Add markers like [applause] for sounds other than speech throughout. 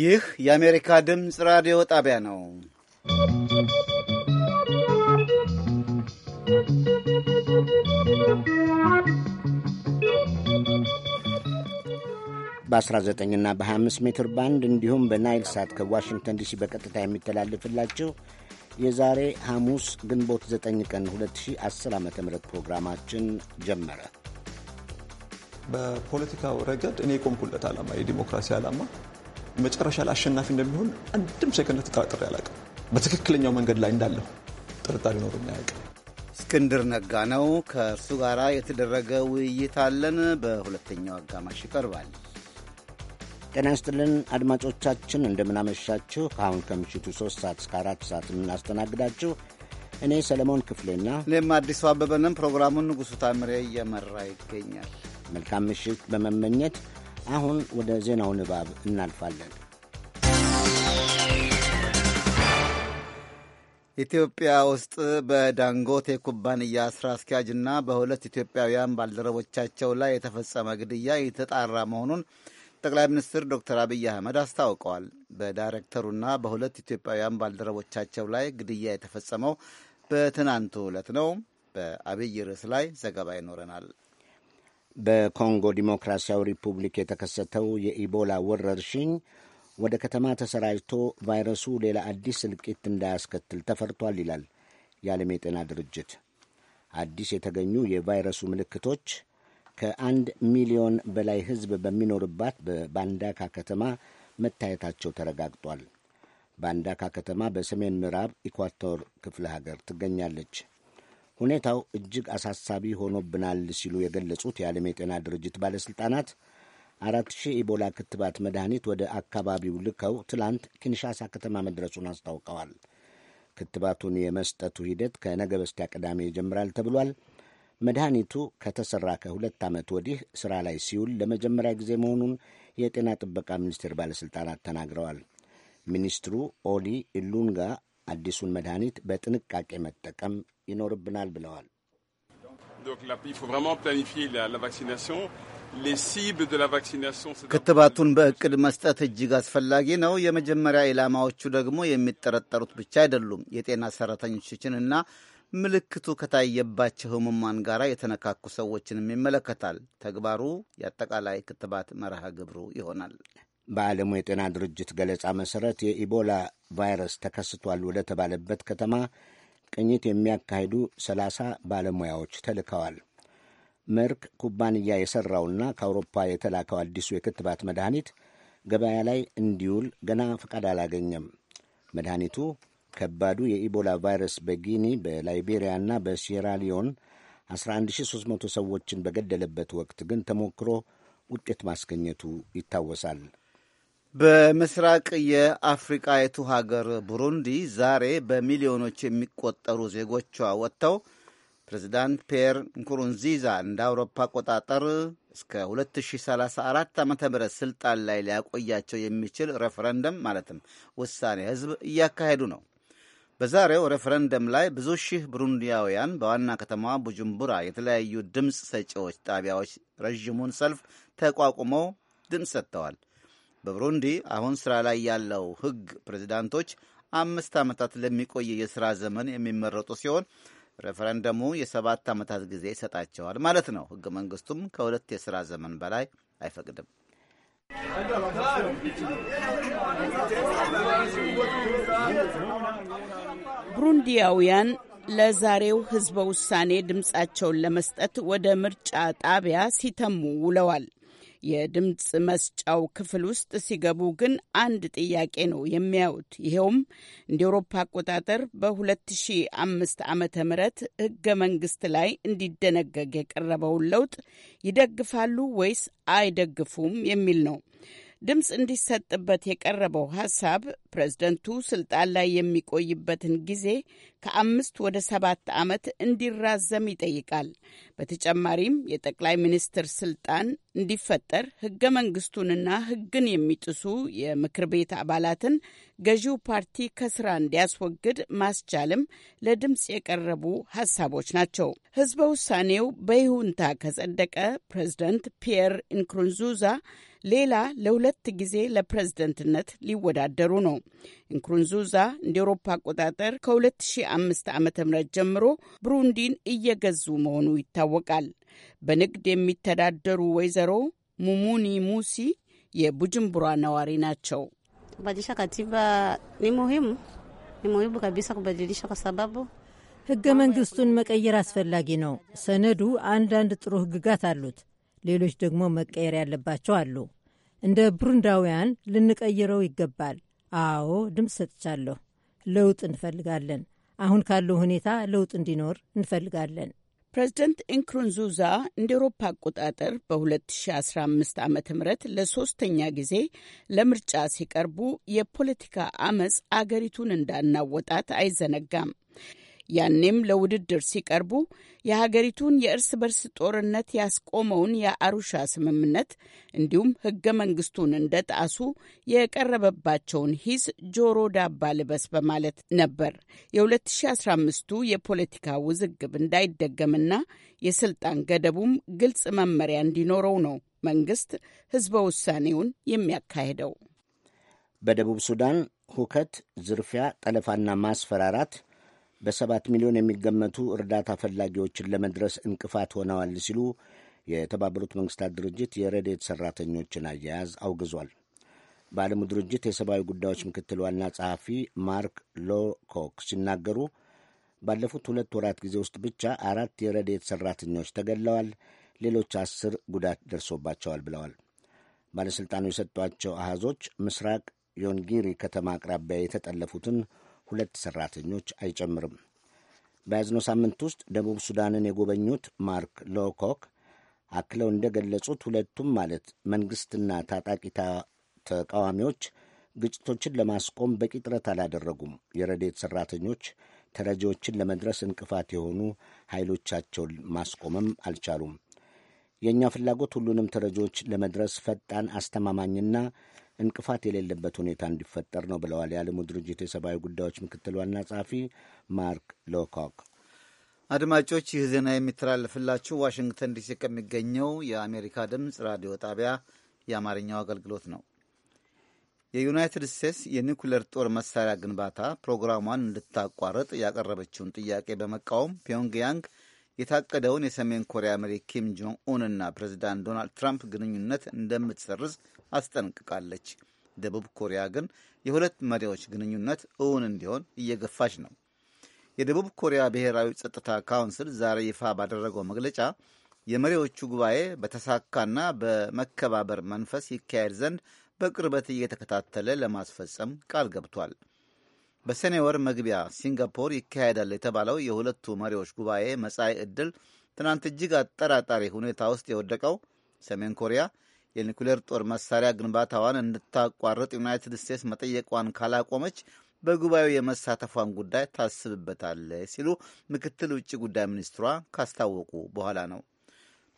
ይህ የአሜሪካ ድምፅ ራዲዮ ጣቢያ ነው። በ19 እና በ25 ሜትር ባንድ እንዲሁም በናይል ሳት ከዋሽንግተን ዲሲ በቀጥታ የሚተላለፍላቸው የዛሬ ሐሙስ ግንቦት 9 ቀን 2010 ዓ ም ፕሮግራማችን ጀመረ። በፖለቲካው ረገድ እኔ የቆምኩለት ዓላማ የዲሞክራሲ ዓላማ መጨረሻ ላይ አሸናፊ እንደሚሆን አንድም ሴከንድ ተጠራጥሬ አላውቅም። በትክክለኛው መንገድ ላይ እንዳለሁ ጥርጣሬ ኖሮ አያውቅም። እስክንድር ነጋ ነው። ከእርሱ ጋር የተደረገ ውይይት አለን። በሁለተኛው አጋማሽ ይቀርባል። ጤና ይስጥልን አድማጮቻችን፣ እንደምናመሻችሁ። ከአሁን ከምሽቱ 3 ሰዓት እስከ 4 ሰዓት የምናስተናግዳችሁ እኔ ሰለሞን ክፍሌና እኔም አዲሱ አበበንም ፕሮግራሙን ንጉሡ ታምሬ እየመራ ይገኛል። መልካም ምሽት በመመኘት አሁን ወደ ዜናው ንባብ እናልፋለን። ኢትዮጵያ ውስጥ በዳንጎቴ ኩባንያ ስራ አስኪያጅና በሁለት ኢትዮጵያውያን ባልደረቦቻቸው ላይ የተፈጸመ ግድያ የተጣራ መሆኑን ጠቅላይ ሚኒስትር ዶክተር አብይ አህመድ አስታውቀዋል። በዳይሬክተሩና በሁለት ኢትዮጵያውያን ባልደረቦቻቸው ላይ ግድያ የተፈጸመው በትናንቱ ዕለት ነው። በአብይ ርዕስ ላይ ዘገባ ይኖረናል። በኮንጎ ዲሞክራሲያዊ ሪፑብሊክ የተከሰተው የኢቦላ ወረርሽኝ ወደ ከተማ ተሰራጅቶ ቫይረሱ ሌላ አዲስ እልቂት እንዳያስከትል ተፈርቷል ይላል የዓለም የጤና ድርጅት። አዲስ የተገኙ የቫይረሱ ምልክቶች ከአንድ ሚሊዮን በላይ ሕዝብ በሚኖርባት በባንዳካ ከተማ መታየታቸው ተረጋግጧል። ባንዳካ ከተማ በሰሜን ምዕራብ ኢኳቶር ክፍለ ሀገር ትገኛለች። ሁኔታው እጅግ አሳሳቢ ሆኖብናል ሲሉ የገለጹት የዓለም የጤና ድርጅት ባለሥልጣናት አራት ሺህ ኢቦላ ክትባት መድኃኒት ወደ አካባቢው ልከው ትላንት ኪንሻሳ ከተማ መድረሱን አስታውቀዋል። ክትባቱን የመስጠቱ ሂደት ከነገ በስቲያ ቅዳሜ ይጀምራል ተብሏል። መድኃኒቱ ከተሰራ ከሁለት ዓመት ወዲህ ሥራ ላይ ሲውል ለመጀመሪያ ጊዜ መሆኑን የጤና ጥበቃ ሚኒስቴር ባለሥልጣናት ተናግረዋል። ሚኒስትሩ ኦሊ ኢሉንጋ አዲሱን መድኃኒት በጥንቃቄ መጠቀም ይኖርብናል ብለዋል። ክትባቱን በእቅድ መስጠት እጅግ አስፈላጊ ነው። የመጀመሪያ ኢላማዎቹ ደግሞ የሚጠረጠሩት ብቻ አይደሉም። የጤና ሰራተኞችን እና ምልክቱ ከታየባቸው ህሙማን ጋር የተነካኩ ሰዎችንም ይመለከታል። ተግባሩ የአጠቃላይ ክትባት መርሃ ግብሩ ይሆናል። በዓለሙ የጤና ድርጅት ገለጻ መሠረት የኢቦላ ቫይረስ ተከስቷል ወደ ተባለበት ከተማ ቅኝት የሚያካሂዱ ሰላሳ ባለሙያዎች ተልከዋል። መርክ ኩባንያ የሠራውና ከአውሮፓ የተላከው አዲሱ የክትባት መድኃኒት ገበያ ላይ እንዲውል ገና ፈቃድ አላገኘም። መድኃኒቱ ከባዱ የኢቦላ ቫይረስ በጊኒ በላይቤሪያና በሲራሊዮን 11300 ሰዎችን በገደለበት ወቅት ግን ተሞክሮ ውጤት ማስገኘቱ ይታወሳል። በምስራቅ የቱ ሀገር ቡሩንዲ ዛሬ በሚሊዮኖች የሚቆጠሩ ዜጎቿ ወጥተው ፕሬዚዳንት ፒየር ንኩሩንዚዛ እንደ አውሮፓ አቆጣጠር እስከ 2034 ዓ ም ስልጣን ላይ ሊያቆያቸው የሚችል ሬፈረንደም ማለትም ውሳኔ ህዝብ እያካሄዱ ነው። በዛሬው ሬፈረንደም ላይ ብዙ ሺህ ብሩንዲያውያን በዋና ከተማዋ ቡጁምቡራ የተለያዩ ድምፅ ሰጪዎች ጣቢያዎች ረዥሙን ሰልፍ ተቋቁመው ድምፅ ሰጥተዋል። በብሩንዲ አሁን ስራ ላይ ያለው ህግ ፕሬዚዳንቶች አምስት ዓመታት ለሚቆይ የሥራ ዘመን የሚመረጡ ሲሆን ሬፈረንደሙ የሰባት ዓመታት ጊዜ ይሰጣቸዋል ማለት ነው። ህገ መንግስቱም ከሁለት የሥራ ዘመን በላይ አይፈቅድም። ብሩንዲያውያን ለዛሬው ህዝበ ውሳኔ ድምፃቸውን ለመስጠት ወደ ምርጫ ጣቢያ ሲተሙ ውለዋል። የድምፅ መስጫው ክፍል ውስጥ ሲገቡ ግን አንድ ጥያቄ ነው የሚያዩት። ይኸውም እንደ አውሮፓ አቆጣጠር በ2005 ዓ ም ህገ መንግስት ላይ እንዲደነገግ የቀረበውን ለውጥ ይደግፋሉ ወይስ አይደግፉም የሚል ነው። ድምፅ እንዲሰጥበት የቀረበው ሐሳብ ፕሬዝደንቱ ስልጣን ላይ የሚቆይበትን ጊዜ ከአምስት ወደ ሰባት ዓመት እንዲራዘም ይጠይቃል። በተጨማሪም የጠቅላይ ሚኒስትር ስልጣን እንዲፈጠር ህገ መንግስቱንና ህግን የሚጥሱ የምክር ቤት አባላትን ገዢው ፓርቲ ከስራ እንዲያስወግድ ማስቻልም ለድምፅ የቀረቡ ሐሳቦች ናቸው። ህዝበ ውሳኔው በይሁንታ ከጸደቀ ፕሬዝደንት ፒየር ኢንክሩንዙዛ ሌላ ለሁለት ጊዜ ለፕሬዝደንትነት ሊወዳደሩ ነው። እንክሩንዙዛ እንደ ኤሮፓ አቆጣጠር ከ2005 ዓ ም ጀምሮ ብሩንዲን እየገዙ መሆኑ ይታወቃል። በንግድ የሚተዳደሩ ወይዘሮ ሙሙኒ ሙሲ የቡጅምቡራ ነዋሪ ናቸው። ህገ መንግስቱን መቀየር አስፈላጊ ነው። ሰነዱ አንዳንድ ጥሩ ህግጋት አሉት። ሌሎች ደግሞ መቀየር ያለባቸው አሉ። እንደ ብሩንዳውያን ልንቀይረው ይገባል። አዎ ድምፅ ሰጥቻለሁ። ለውጥ እንፈልጋለን። አሁን ካለው ሁኔታ ለውጥ እንዲኖር እንፈልጋለን። ፕሬዚደንት ኢንክሩንዙዛ እንደ ኤሮፓ አቆጣጠር በ2015 ዓ ም ለሶስተኛ ጊዜ ለምርጫ ሲቀርቡ የፖለቲካ አመፅ አገሪቱን እንዳናወጣት አይዘነጋም። ያኔም ለውድድር ሲቀርቡ የሀገሪቱን የእርስ በርስ ጦርነት ያስቆመውን የአሩሻ ስምምነት እንዲሁም ህገ መንግስቱን እንደ ጣሱ የቀረበባቸውን ሂስ ጆሮ ዳባ ልበስ በማለት ነበር። የ2015ቱ የፖለቲካ ውዝግብ እንዳይደገምና የስልጣን ገደቡም ግልጽ መመሪያ እንዲኖረው ነው መንግስት ህዝበ ውሳኔውን የሚያካሂደው። በደቡብ ሱዳን ሁከት፣ ዝርፊያ፣ ጠለፋና ማስፈራራት በሰባት ሚሊዮን የሚገመቱ እርዳታ ፈላጊዎችን ለመድረስ እንቅፋት ሆነዋል ሲሉ የተባበሩት መንግስታት ድርጅት የረድኤት ሠራተኞችን አያያዝ አውግዟል። በዓለሙ ድርጅት የሰብአዊ ጉዳዮች ምክትል ዋና ጸሐፊ ማርክ ሎኮክ ሲናገሩ ባለፉት ሁለት ወራት ጊዜ ውስጥ ብቻ አራት የረድኤት ሠራተኞች ተገድለዋል፣ ሌሎች አስር ጉዳት ደርሶባቸዋል ብለዋል። ባለሥልጣኑ የሰጧቸው አሃዞች ምስራቅ ዮንጊሪ ከተማ አቅራቢያ የተጠለፉትን ሁለት ሠራተኞች አይጨምርም። በያዝነው ሳምንት ውስጥ ደቡብ ሱዳንን የጎበኙት ማርክ ሎኮክ አክለው እንደገለጹት ሁለቱም ማለት መንግሥትና ታጣቂ ተቃዋሚዎች ግጭቶችን ለማስቆም በቂ ጥረት አላደረጉም። የረዴት ሠራተኞች ተረጂዎችን ለመድረስ እንቅፋት የሆኑ ኃይሎቻቸውን ማስቆምም አልቻሉም። የእኛ ፍላጎት ሁሉንም ተረጂዎች ለመድረስ ፈጣን አስተማማኝና እንቅፋት የሌለበት ሁኔታ እንዲፈጠር ነው ብለዋል የዓለሙ ድርጅት የሰብአዊ ጉዳዮች ምክትል ዋና ጸሐፊ ማርክ ሎኮክ። አድማጮች ይህ ዜና የሚተላለፍላችሁ ዋሽንግተን ዲሲ ከሚገኘው የአሜሪካ ድምፅ ራዲዮ ጣቢያ የአማርኛው አገልግሎት ነው። የዩናይትድ ስቴትስ የኒኩሌር ጦር መሳሪያ ግንባታ ፕሮግራሟን እንድታቋርጥ ያቀረበችውን ጥያቄ በመቃወም ፒዮንግያንግ የታቀደውን የሰሜን ኮሪያ መሪ ኪም ጆንግ እና ፕሬዚዳንት ዶናልድ ትራምፕ ግንኙነት እንደምትሰርዝ አስጠንቅቃለች። ደቡብ ኮሪያ ግን የሁለት መሪዎች ግንኙነት እውን እንዲሆን እየገፋች ነው። የደቡብ ኮሪያ ብሔራዊ ጸጥታ ካውንስል ዛሬ ይፋ ባደረገው መግለጫ የመሪዎቹ ጉባኤ በተሳካና በመከባበር መንፈስ ይካሄድ ዘንድ በቅርበት እየተከታተለ ለማስፈጸም ቃል ገብቷል። በሰኔ ወር መግቢያ ሲንጋፖር ይካሄዳል የተባለው የሁለቱ መሪዎች ጉባኤ መጻኢ ዕድል ትናንት እጅግ አጠራጣሪ ሁኔታ ውስጥ የወደቀው ሰሜን ኮሪያ የኒኩሌር ጦር መሳሪያ ግንባታዋን እንድታቋርጥ ዩናይትድ ስቴትስ መጠየቋን ካላቆመች በጉባኤው የመሳተፏን ጉዳይ ታስብበታለ ሲሉ ምክትል ውጭ ጉዳይ ሚኒስትሯ ካስታወቁ በኋላ ነው።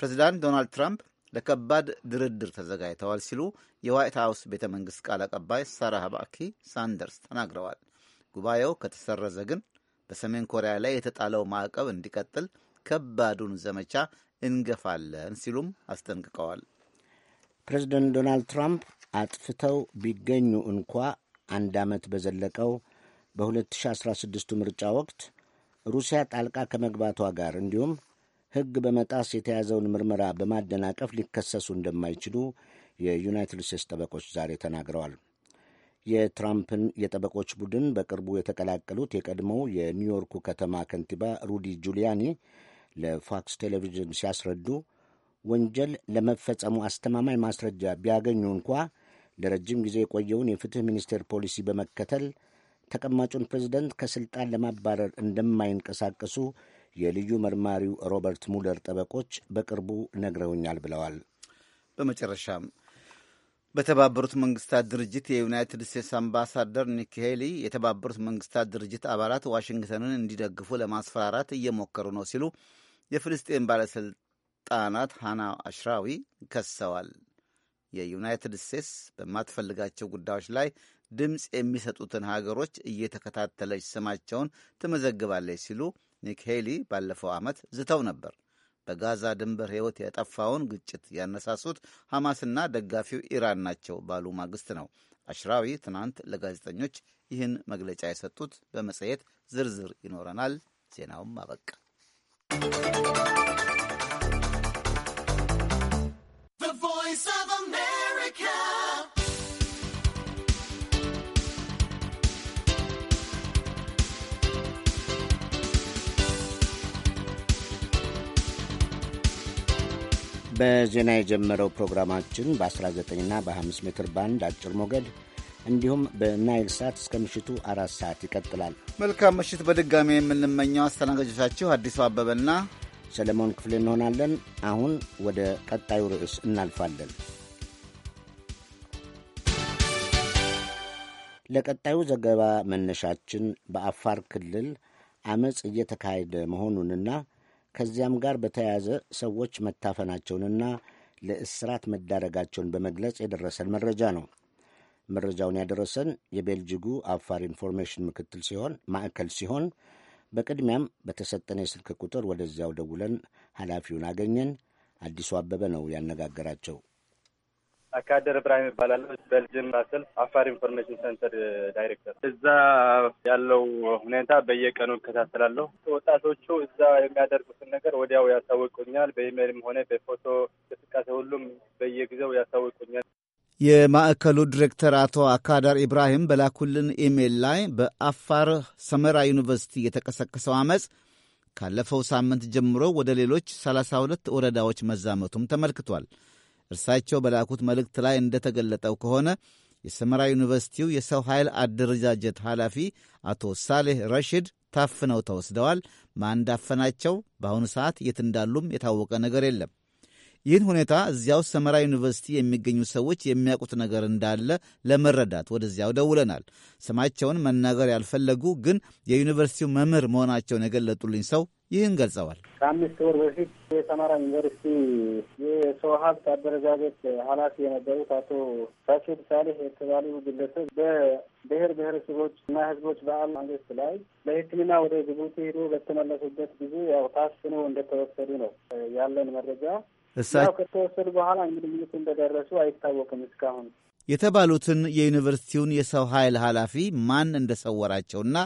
ፕሬዚዳንት ዶናልድ ትራምፕ ለከባድ ድርድር ተዘጋጅተዋል ሲሉ የዋይት ሀውስ ቤተ መንግስት ቃል አቀባይ ሳራ ሀባኪ ሳንደርስ ተናግረዋል። ጉባኤው ከተሰረዘ ግን በሰሜን ኮሪያ ላይ የተጣለው ማዕቀብ እንዲቀጥል ከባዱን ዘመቻ እንገፋለን ሲሉም አስጠንቅቀዋል። ፕሬዚደንት ዶናልድ ትራምፕ አጥፍተው ቢገኙ እንኳ አንድ ዓመት በዘለቀው በ 2016 ምርጫ ወቅት ሩሲያ ጣልቃ ከመግባቷ ጋር እንዲሁም ሕግ በመጣስ የተያዘውን ምርመራ በማደናቀፍ ሊከሰሱ እንደማይችሉ የዩናይትድ ስቴትስ ጠበቆች ዛሬ ተናግረዋል። የትራምፕን የጠበቆች ቡድን በቅርቡ የተቀላቀሉት የቀድሞው የኒውዮርኩ ከተማ ከንቲባ ሩዲ ጁሊያኒ ለፎክስ ቴሌቪዥን ሲያስረዱ ወንጀል ለመፈጸሙ አስተማማኝ ማስረጃ ቢያገኙ እንኳ ለረጅም ጊዜ የቆየውን የፍትሕ ሚኒስቴር ፖሊሲ በመከተል ተቀማጩን ፕሬዚደንት ከስልጣን ለማባረር እንደማይንቀሳቀሱ የልዩ መርማሪው ሮበርት ሙለር ጠበቆች በቅርቡ ነግረውኛል ብለዋል። በመጨረሻም በተባበሩት መንግስታት ድርጅት የዩናይትድ ስቴትስ አምባሳደር ኒክ ሄሊ የተባበሩት መንግስታት ድርጅት አባላት ዋሽንግተንን እንዲደግፉ ለማስፈራራት እየሞከሩ ነው ሲሉ የፍልስጤን ባለሥልጣናት ሃና አሽራዊ ከሰዋል። የዩናይትድ ስቴትስ በማትፈልጋቸው ጉዳዮች ላይ ድምፅ የሚሰጡትን ሀገሮች እየተከታተለች ስማቸውን ትመዘግባለች ሲሉ ኒክ ሄሊ ባለፈው ዓመት ዝተው ነበር። በጋዛ ድንበር ሕይወት የጠፋውን ግጭት ያነሳሱት ሐማስና ደጋፊው ኢራን ናቸው ባሉ ማግስት ነው። አሽራዊ ትናንት ለጋዜጠኞች ይህን መግለጫ የሰጡት በመጽሔት ዝርዝር ይኖረናል። ዜናውም አበቃ። በዜና የጀመረው ፕሮግራማችን በ19ና በ5 ሜትር ባንድ አጭር ሞገድ እንዲሁም በናይል ሳት እስከ ምሽቱ አራት ሰዓት ይቀጥላል። መልካም ምሽት በድጋሚ የምንመኘው አስተናጋጆቻችሁ አዲሱ አበበና ሰለሞን ክፍሌ እንሆናለን። አሁን ወደ ቀጣዩ ርዕስ እናልፋለን። ለቀጣዩ ዘገባ መነሻችን በአፋር ክልል አመፅ እየተካሄደ መሆኑንና ከዚያም ጋር በተያያዘ ሰዎች መታፈናቸውንና ለእስራት መዳረጋቸውን በመግለጽ የደረሰን መረጃ ነው። መረጃውን ያደረሰን የቤልጅጉ አፋር ኢንፎርሜሽን ምክትል ሲሆን ማዕከል ሲሆን በቅድሚያም በተሰጠን የስልክ ቁጥር ወደዚያው ደውለን ኃላፊውን አገኘን። አዲሱ አበበ ነው ያነጋገራቸው። አካደር እብራሂም ይባላለሁ። በልጅን ራስል አፋር ኢንፎርሜሽን ሴንተር ዳይሬክተር። እዛ ያለው ሁኔታ በየቀኑ እከታተላለሁ። ወጣቶቹ እዛ የሚያደርጉትን ነገር ወዲያው ያሳውቁኛል። በኢሜይልም ሆነ በፎቶ እንቅስቃሴ ሁሉም በየጊዜው ያሳውቁኛል። የማዕከሉ ዲሬክተር አቶ አካዳር ኢብራሂም በላኩልን ኢሜይል ላይ በአፋር ሰመራ ዩኒቨርሲቲ የተቀሰቀሰው አመፅ ካለፈው ሳምንት ጀምሮ ወደ ሌሎች 32 ወረዳዎች መዛመቱም ተመልክቷል። እርሳቸው በላኩት መልእክት ላይ እንደተገለጠው ከሆነ የሰመራ ዩኒቨርሲቲው የሰው ኃይል አደረጃጀት ኃላፊ አቶ ሳሌህ ረሽድ ታፍነው ተወስደዋል። ማን እንዳፈናቸው በአሁኑ ሰዓት የት እንዳሉም የታወቀ ነገር የለም። ይህን ሁኔታ እዚያው ሰመራ ዩኒቨርሲቲ የሚገኙ ሰዎች የሚያውቁት ነገር እንዳለ ለመረዳት ወደዚያው ደውለናል። ስማቸውን መናገር ያልፈለጉ ግን የዩኒቨርሲቲው መምህር መሆናቸውን የገለጡልኝ ሰው ይህን ገልጸዋል። ከአምስት ወር በፊት የሰማራ ዩኒቨርሲቲ የሰው ሀብት አደረጃጀት ኃላፊ የነበሩት አቶ ሳኪር ሳሌህ የተባሉ ግለሰብ በብሔር ብሔረሰቦች እና ሕዝቦች በዓል ማግስት ላይ ለሕክምና ወደ ጅቡቲ ሄዶ በተመለሱበት ጊዜ ያው ታስኖ እንደተወሰዱ ነው ያለን መረጃ። እሳቸው ከተወሰዱ በኋላ እንግዲህ የት እንደደረሱ አይታወቅም። እስካሁን የተባሉትን የዩኒቨርሲቲውን የሰው ኃይል ኃላፊ ማን እንደሰወራቸውና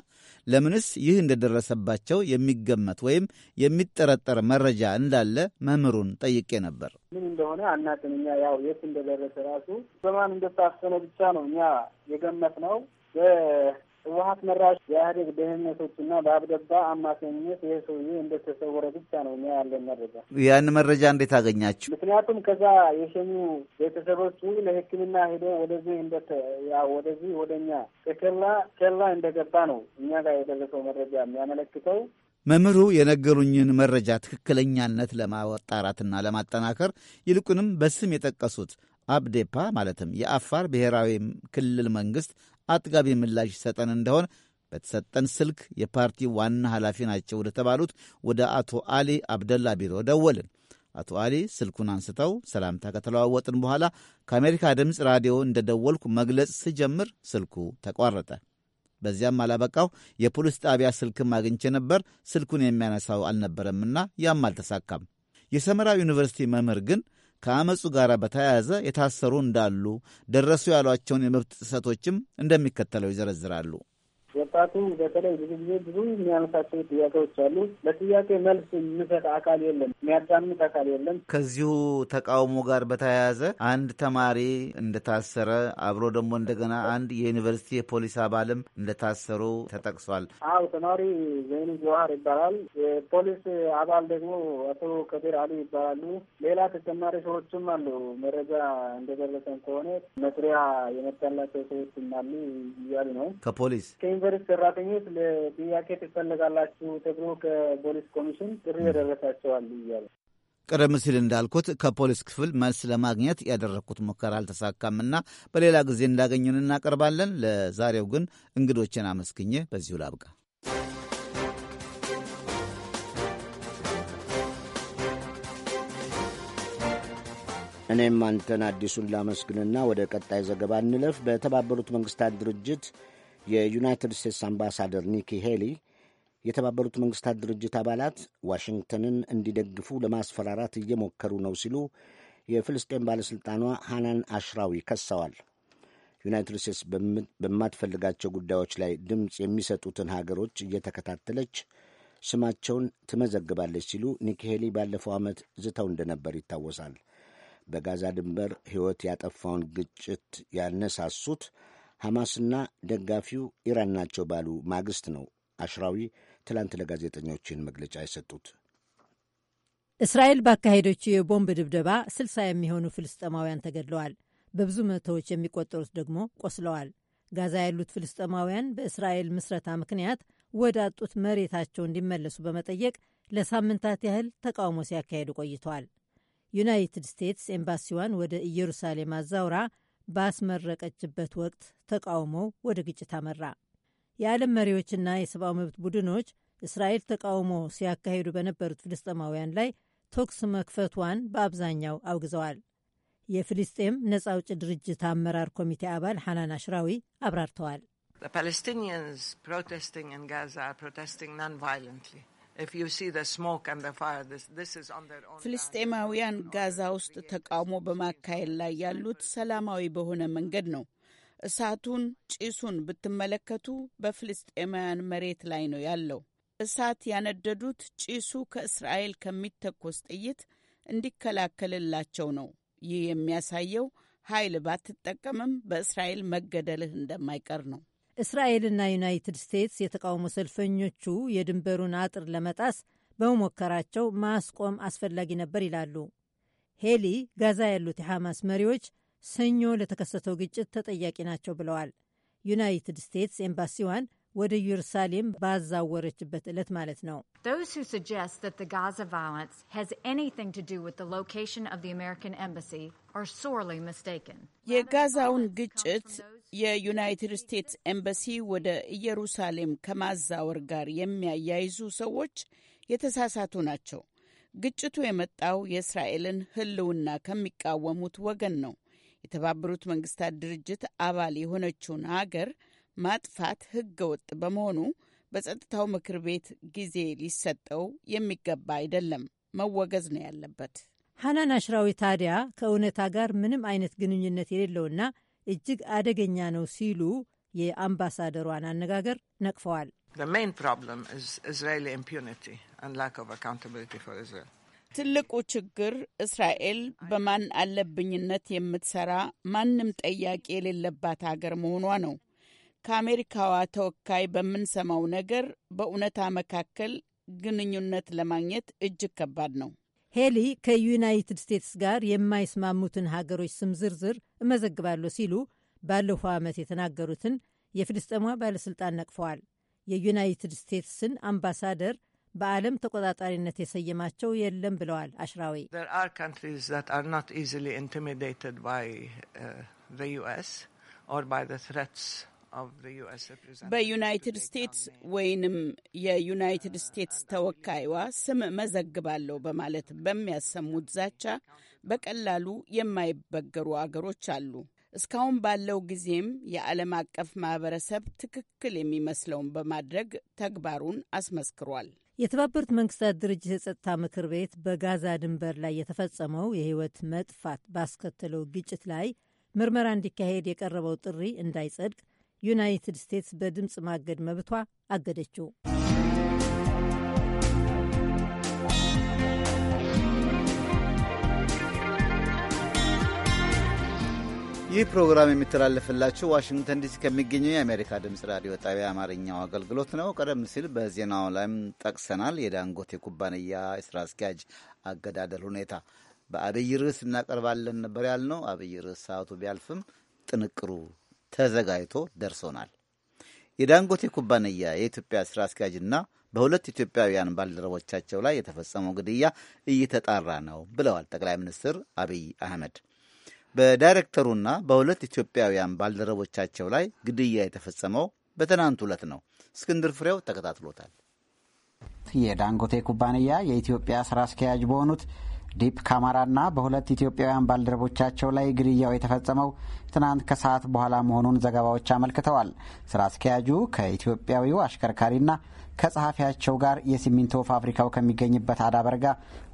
ለምንስ ይህ እንደደረሰባቸው የሚገመት ወይም የሚጠረጠር መረጃ እንዳለ መምህሩን ጠይቄ ነበር። ምን እንደሆነ አናውቅም። እኛ ያው የት እንደደረሰ ራሱ በማን እንደታፈነ ብቻ ነው እኛ የገመት ነው። ህወሀት መራሽ የኢህአዴግ ደህንነቶችና በአብደባ አማካኝነት ይህ ሰውዬ እንደተሰወረ ብቻ ነው እኛ ያለን መረጃ። ያን መረጃ እንዴት አገኛችሁ? ምክንያቱም ከዛ የሸኙ ቤተሰቦቹ ለሕክምና ሄዶ ወደዚህ እንደተ ያው ወደዚህ ወደ ከኬላ ኬላ እንደገባ ነው እኛ ጋር የደረሰው መረጃ የሚያመለክተው። መምህሩ የነገሩኝን መረጃ ትክክለኛነት ለማጣራትና ለማጠናከር ይልቁንም በስም የጠቀሱት አብዴፓ ማለትም የአፋር ብሔራዊ ክልል መንግሥት አጥጋቢ ምላሽ ይሰጠን እንደሆን በተሰጠን ስልክ የፓርቲ ዋና ኃላፊ ናቸው ወደ ተባሉት ወደ አቶ አሊ አብደላ ቢሮ ደወልን። አቶ አሊ ስልኩን አንስተው ሰላምታ ከተለዋወጥን በኋላ ከአሜሪካ ድምፅ ራዲዮ እንደደወልኩ መግለጽ ስጀምር ስልኩ ተቋረጠ። በዚያም አላበቃው የፖሊስ ጣቢያ ስልክም አግኝቼ ነበር። ስልኩን የሚያነሳው አልነበረምና ያም አልተሳካም። የሰመራ ዩኒቨርሲቲ መምህር ግን ከአመፁ ጋር በተያያዘ የታሰሩ እንዳሉ ደረሱ ያሏቸውን የመብት ጥሰቶችም እንደሚከተለው ይዘረዝራሉ። ወጣቱ በተለይ ብዙ ጊዜ ብዙ የሚያነሳቸው ጥያቄዎች አሉ። ለጥያቄ መልስ የሚሰጥ አካል የለም፣ የሚያዳምጥ አካል የለም። ከዚሁ ተቃውሞ ጋር በተያያዘ አንድ ተማሪ እንደታሰረ አብሮ ደግሞ እንደገና አንድ የዩኒቨርሲቲ የፖሊስ አባልም እንደታሰሩ ተጠቅሷል። አው ተማሪ ዘይኑ ጀዋር ይባላል። የፖሊስ አባል ደግሞ አቶ ከቢር አሊ ይባላሉ። ሌላ ተጨማሪ ሰዎችም አሉ። መረጃ እንደደረሰን ከሆነ መስሪያ የመጣላቸው ሰዎችም አሉ እያሉ ነው ከፖሊስ የዩኒቨርስቲ ሰራተኞች ለጥያቄ ትፈልጋላችሁ ተብሎ ከፖሊስ ኮሚሽን ጥሪ የደረሳቸዋል እያለ ቀደም ሲል እንዳልኩት ከፖሊስ ክፍል መልስ ለማግኘት ያደረግኩት ሙከራ አልተሳካምና በሌላ ጊዜ እንዳገኙን እናቀርባለን። ለዛሬው ግን እንግዶችን አመስግኜ በዚሁ ላብቃ። እኔም አንተን አዲሱን ላመስግንና ወደ ቀጣይ ዘገባ እንለፍ። በተባበሩት መንግስታት ድርጅት የዩናይትድ ስቴትስ አምባሳደር ኒኪ ሄሊ የተባበሩት መንግስታት ድርጅት አባላት ዋሽንግተንን እንዲደግፉ ለማስፈራራት እየሞከሩ ነው ሲሉ የፍልስጤን ባለሥልጣኗ ሃናን አሽራዊ ከሰዋል። ዩናይትድ ስቴትስ በማትፈልጋቸው ጉዳዮች ላይ ድምፅ የሚሰጡትን ሀገሮች እየተከታተለች ስማቸውን ትመዘግባለች ሲሉ ኒኪ ሄሊ ባለፈው ዓመት ዝተው እንደነበር ይታወሳል። በጋዛ ድንበር ሕይወት ያጠፋውን ግጭት ያነሳሱት ሐማስና ደጋፊው ኢራን ናቸው ባሉ ማግስት ነው አሽራዊ ትላንት ለጋዜጠኞችን መግለጫ የሰጡት። እስራኤል ባካሄደችው የቦምብ ድብደባ ስልሳ የሚሆኑ ፍልስጤማውያን ተገድለዋል። በብዙ መቶዎች የሚቆጠሩት ደግሞ ቆስለዋል። ጋዛ ያሉት ፍልስጤማውያን በእስራኤል ምስረታ ምክንያት ወደ አጡት መሬታቸው እንዲመለሱ በመጠየቅ ለሳምንታት ያህል ተቃውሞ ሲያካሄዱ ቆይተዋል። ዩናይትድ ስቴትስ ኤምባሲዋን ወደ ኢየሩሳሌም አዛውራ ባስመረቀችበት ወቅት ተቃውሞው ወደ ግጭት አመራ። የዓለም መሪዎችና የሰብአዊ መብት ቡድኖች እስራኤል ተቃውሞ ሲያካሂዱ በነበሩት ፍልስጤማውያን ላይ ተኩስ መክፈቷን በአብዛኛው አውግዘዋል። የፍልስጤም ነጻ አውጭ ድርጅት አመራር ኮሚቴ አባል ሐናን አሽራዊ አብራርተዋል። ፍልስጤማውያን ጋዛ ውስጥ ተቃውሞ በማካሄድ ላይ ያሉት ሰላማዊ በሆነ መንገድ ነው። እሳቱን፣ ጭሱን ብትመለከቱ በፍልስጤማውያን መሬት ላይ ነው ያለው። እሳት ያነደዱት ጭሱ ከእስራኤል ከሚተኮስ ጥይት እንዲከላከልላቸው ነው። ይህ የሚያሳየው ኃይል ባትጠቀምም በእስራኤል መገደልህ እንደማይቀር ነው። እስራኤልና ዩናይትድ ስቴትስ የተቃውሞ ሰልፈኞቹ የድንበሩን አጥር ለመጣስ በመሞከራቸው ማስቆም አስፈላጊ ነበር ይላሉ። ሄሊ ጋዛ ያሉት የሐማስ መሪዎች ሰኞ ለተከሰተው ግጭት ተጠያቂ ናቸው ብለዋል። ዩናይትድ ስቴትስ ኤምባሲዋን ወደ ኢየሩሳሌም ባዛወረችበት ዕለት ማለት ነው። የጋዛውን ግጭት የዩናይትድ ስቴትስ ኤምባሲ ወደ ኢየሩሳሌም ከማዛወር ጋር የሚያያይዙ ሰዎች የተሳሳቱ ናቸው። ግጭቱ የመጣው የእስራኤልን ሕልውና ከሚቃወሙት ወገን ነው። የተባበሩት መንግስታት ድርጅት አባል የሆነችውን ሀገር ማጥፋት ሕገ ወጥ በመሆኑ በጸጥታው ምክር ቤት ጊዜ ሊሰጠው የሚገባ አይደለም፣ መወገዝ ነው ያለበት። ሐናን አሽራዊ ታዲያ ከእውነታ ጋር ምንም አይነት ግንኙነት የሌለውና እጅግ አደገኛ ነው ሲሉ የአምባሳደሯን አነጋገር ነቅፈዋል። ትልቁ ችግር እስራኤል በማን አለብኝነት የምትሰራ ማንም ጠያቂ የሌለባት ሀገር መሆኗ ነው። ከአሜሪካዋ ተወካይ በምንሰማው ነገር በእውነታ መካከል ግንኙነት ለማግኘት እጅግ ከባድ ነው። ሄሊ ከዩናይትድ ስቴትስ ጋር የማይስማሙትን ሀገሮች ስም ዝርዝር እመዘግባለሁ ሲሉ ባለፈው ዓመት የተናገሩትን የፍልስጤሟ ባለሥልጣን ነቅፈዋል። የዩናይትድ ስቴትስን አምባሳደር በዓለም ተቆጣጣሪነት የሰየማቸው የለም ብለዋል። አሽራዊ በዩናይትድ ስቴትስ ወይንም የዩናይትድ ስቴትስ ተወካይዋ ስም መዘግባለሁ በማለት በሚያሰሙት ዛቻ በቀላሉ የማይበገሩ አገሮች አሉ። እስካሁን ባለው ጊዜም የዓለም አቀፍ ማህበረሰብ ትክክል የሚመስለውን በማድረግ ተግባሩን አስመስክሯል። የተባበሩት መንግስታት ድርጅት የጸጥታ ምክር ቤት በጋዛ ድንበር ላይ የተፈጸመው የህይወት መጥፋት ባስከተለው ግጭት ላይ ምርመራ እንዲካሄድ የቀረበው ጥሪ እንዳይጸድቅ ዩናይትድ ስቴትስ በድምፅ ማገድ መብቷ አገደችው። ይህ ፕሮግራም የሚተላለፍላችሁ ዋሽንግተን ዲሲ ከሚገኘው የአሜሪካ ድምፅ ራዲዮ ጣቢያ አማርኛው አገልግሎት ነው። ቀደም ሲል በዜናው ላይም ጠቅሰናል። የዳንጎቴ ኩባንያ የስራ አስኪያጅ አገዳደል ሁኔታ በአብይ ርዕስ እናቀርባለን ነበር ያልነው። አብይ ርዕስ ሰዓቱ ቢያልፍም ጥንቅሩ ተዘጋጅቶ ደርሶናል። የዳንጎቴ ኩባንያ የኢትዮጵያ ስራ አስኪያጅና በሁለት ኢትዮጵያውያን ባልደረቦቻቸው ላይ የተፈጸመው ግድያ እየተጣራ ነው ብለዋል ጠቅላይ ሚኒስትር አብይ አህመድ። በዳይሬክተሩና በሁለት ኢትዮጵያውያን ባልደረቦቻቸው ላይ ግድያ የተፈጸመው በትናንት ዕለት ነው። እስክንድር ፍሬው ተከታትሎታል። የዳንጎቴ ኩባንያ የኢትዮጵያ ስራ አስኪያጅ በሆኑት ዲፕ ካማራና በሁለት ኢትዮጵያውያን ባልደረቦቻቸው ላይ ግድያው የተፈጸመው ትናንት ከሰዓት በኋላ መሆኑን ዘገባዎች አመልክተዋል። ስራ አስኪያጁ ከኢትዮጵያዊው አሽከርካሪና ከጸሐፊያቸው ጋር የሲሚንቶ ፋብሪካው ከሚገኝበት አዳበርጋ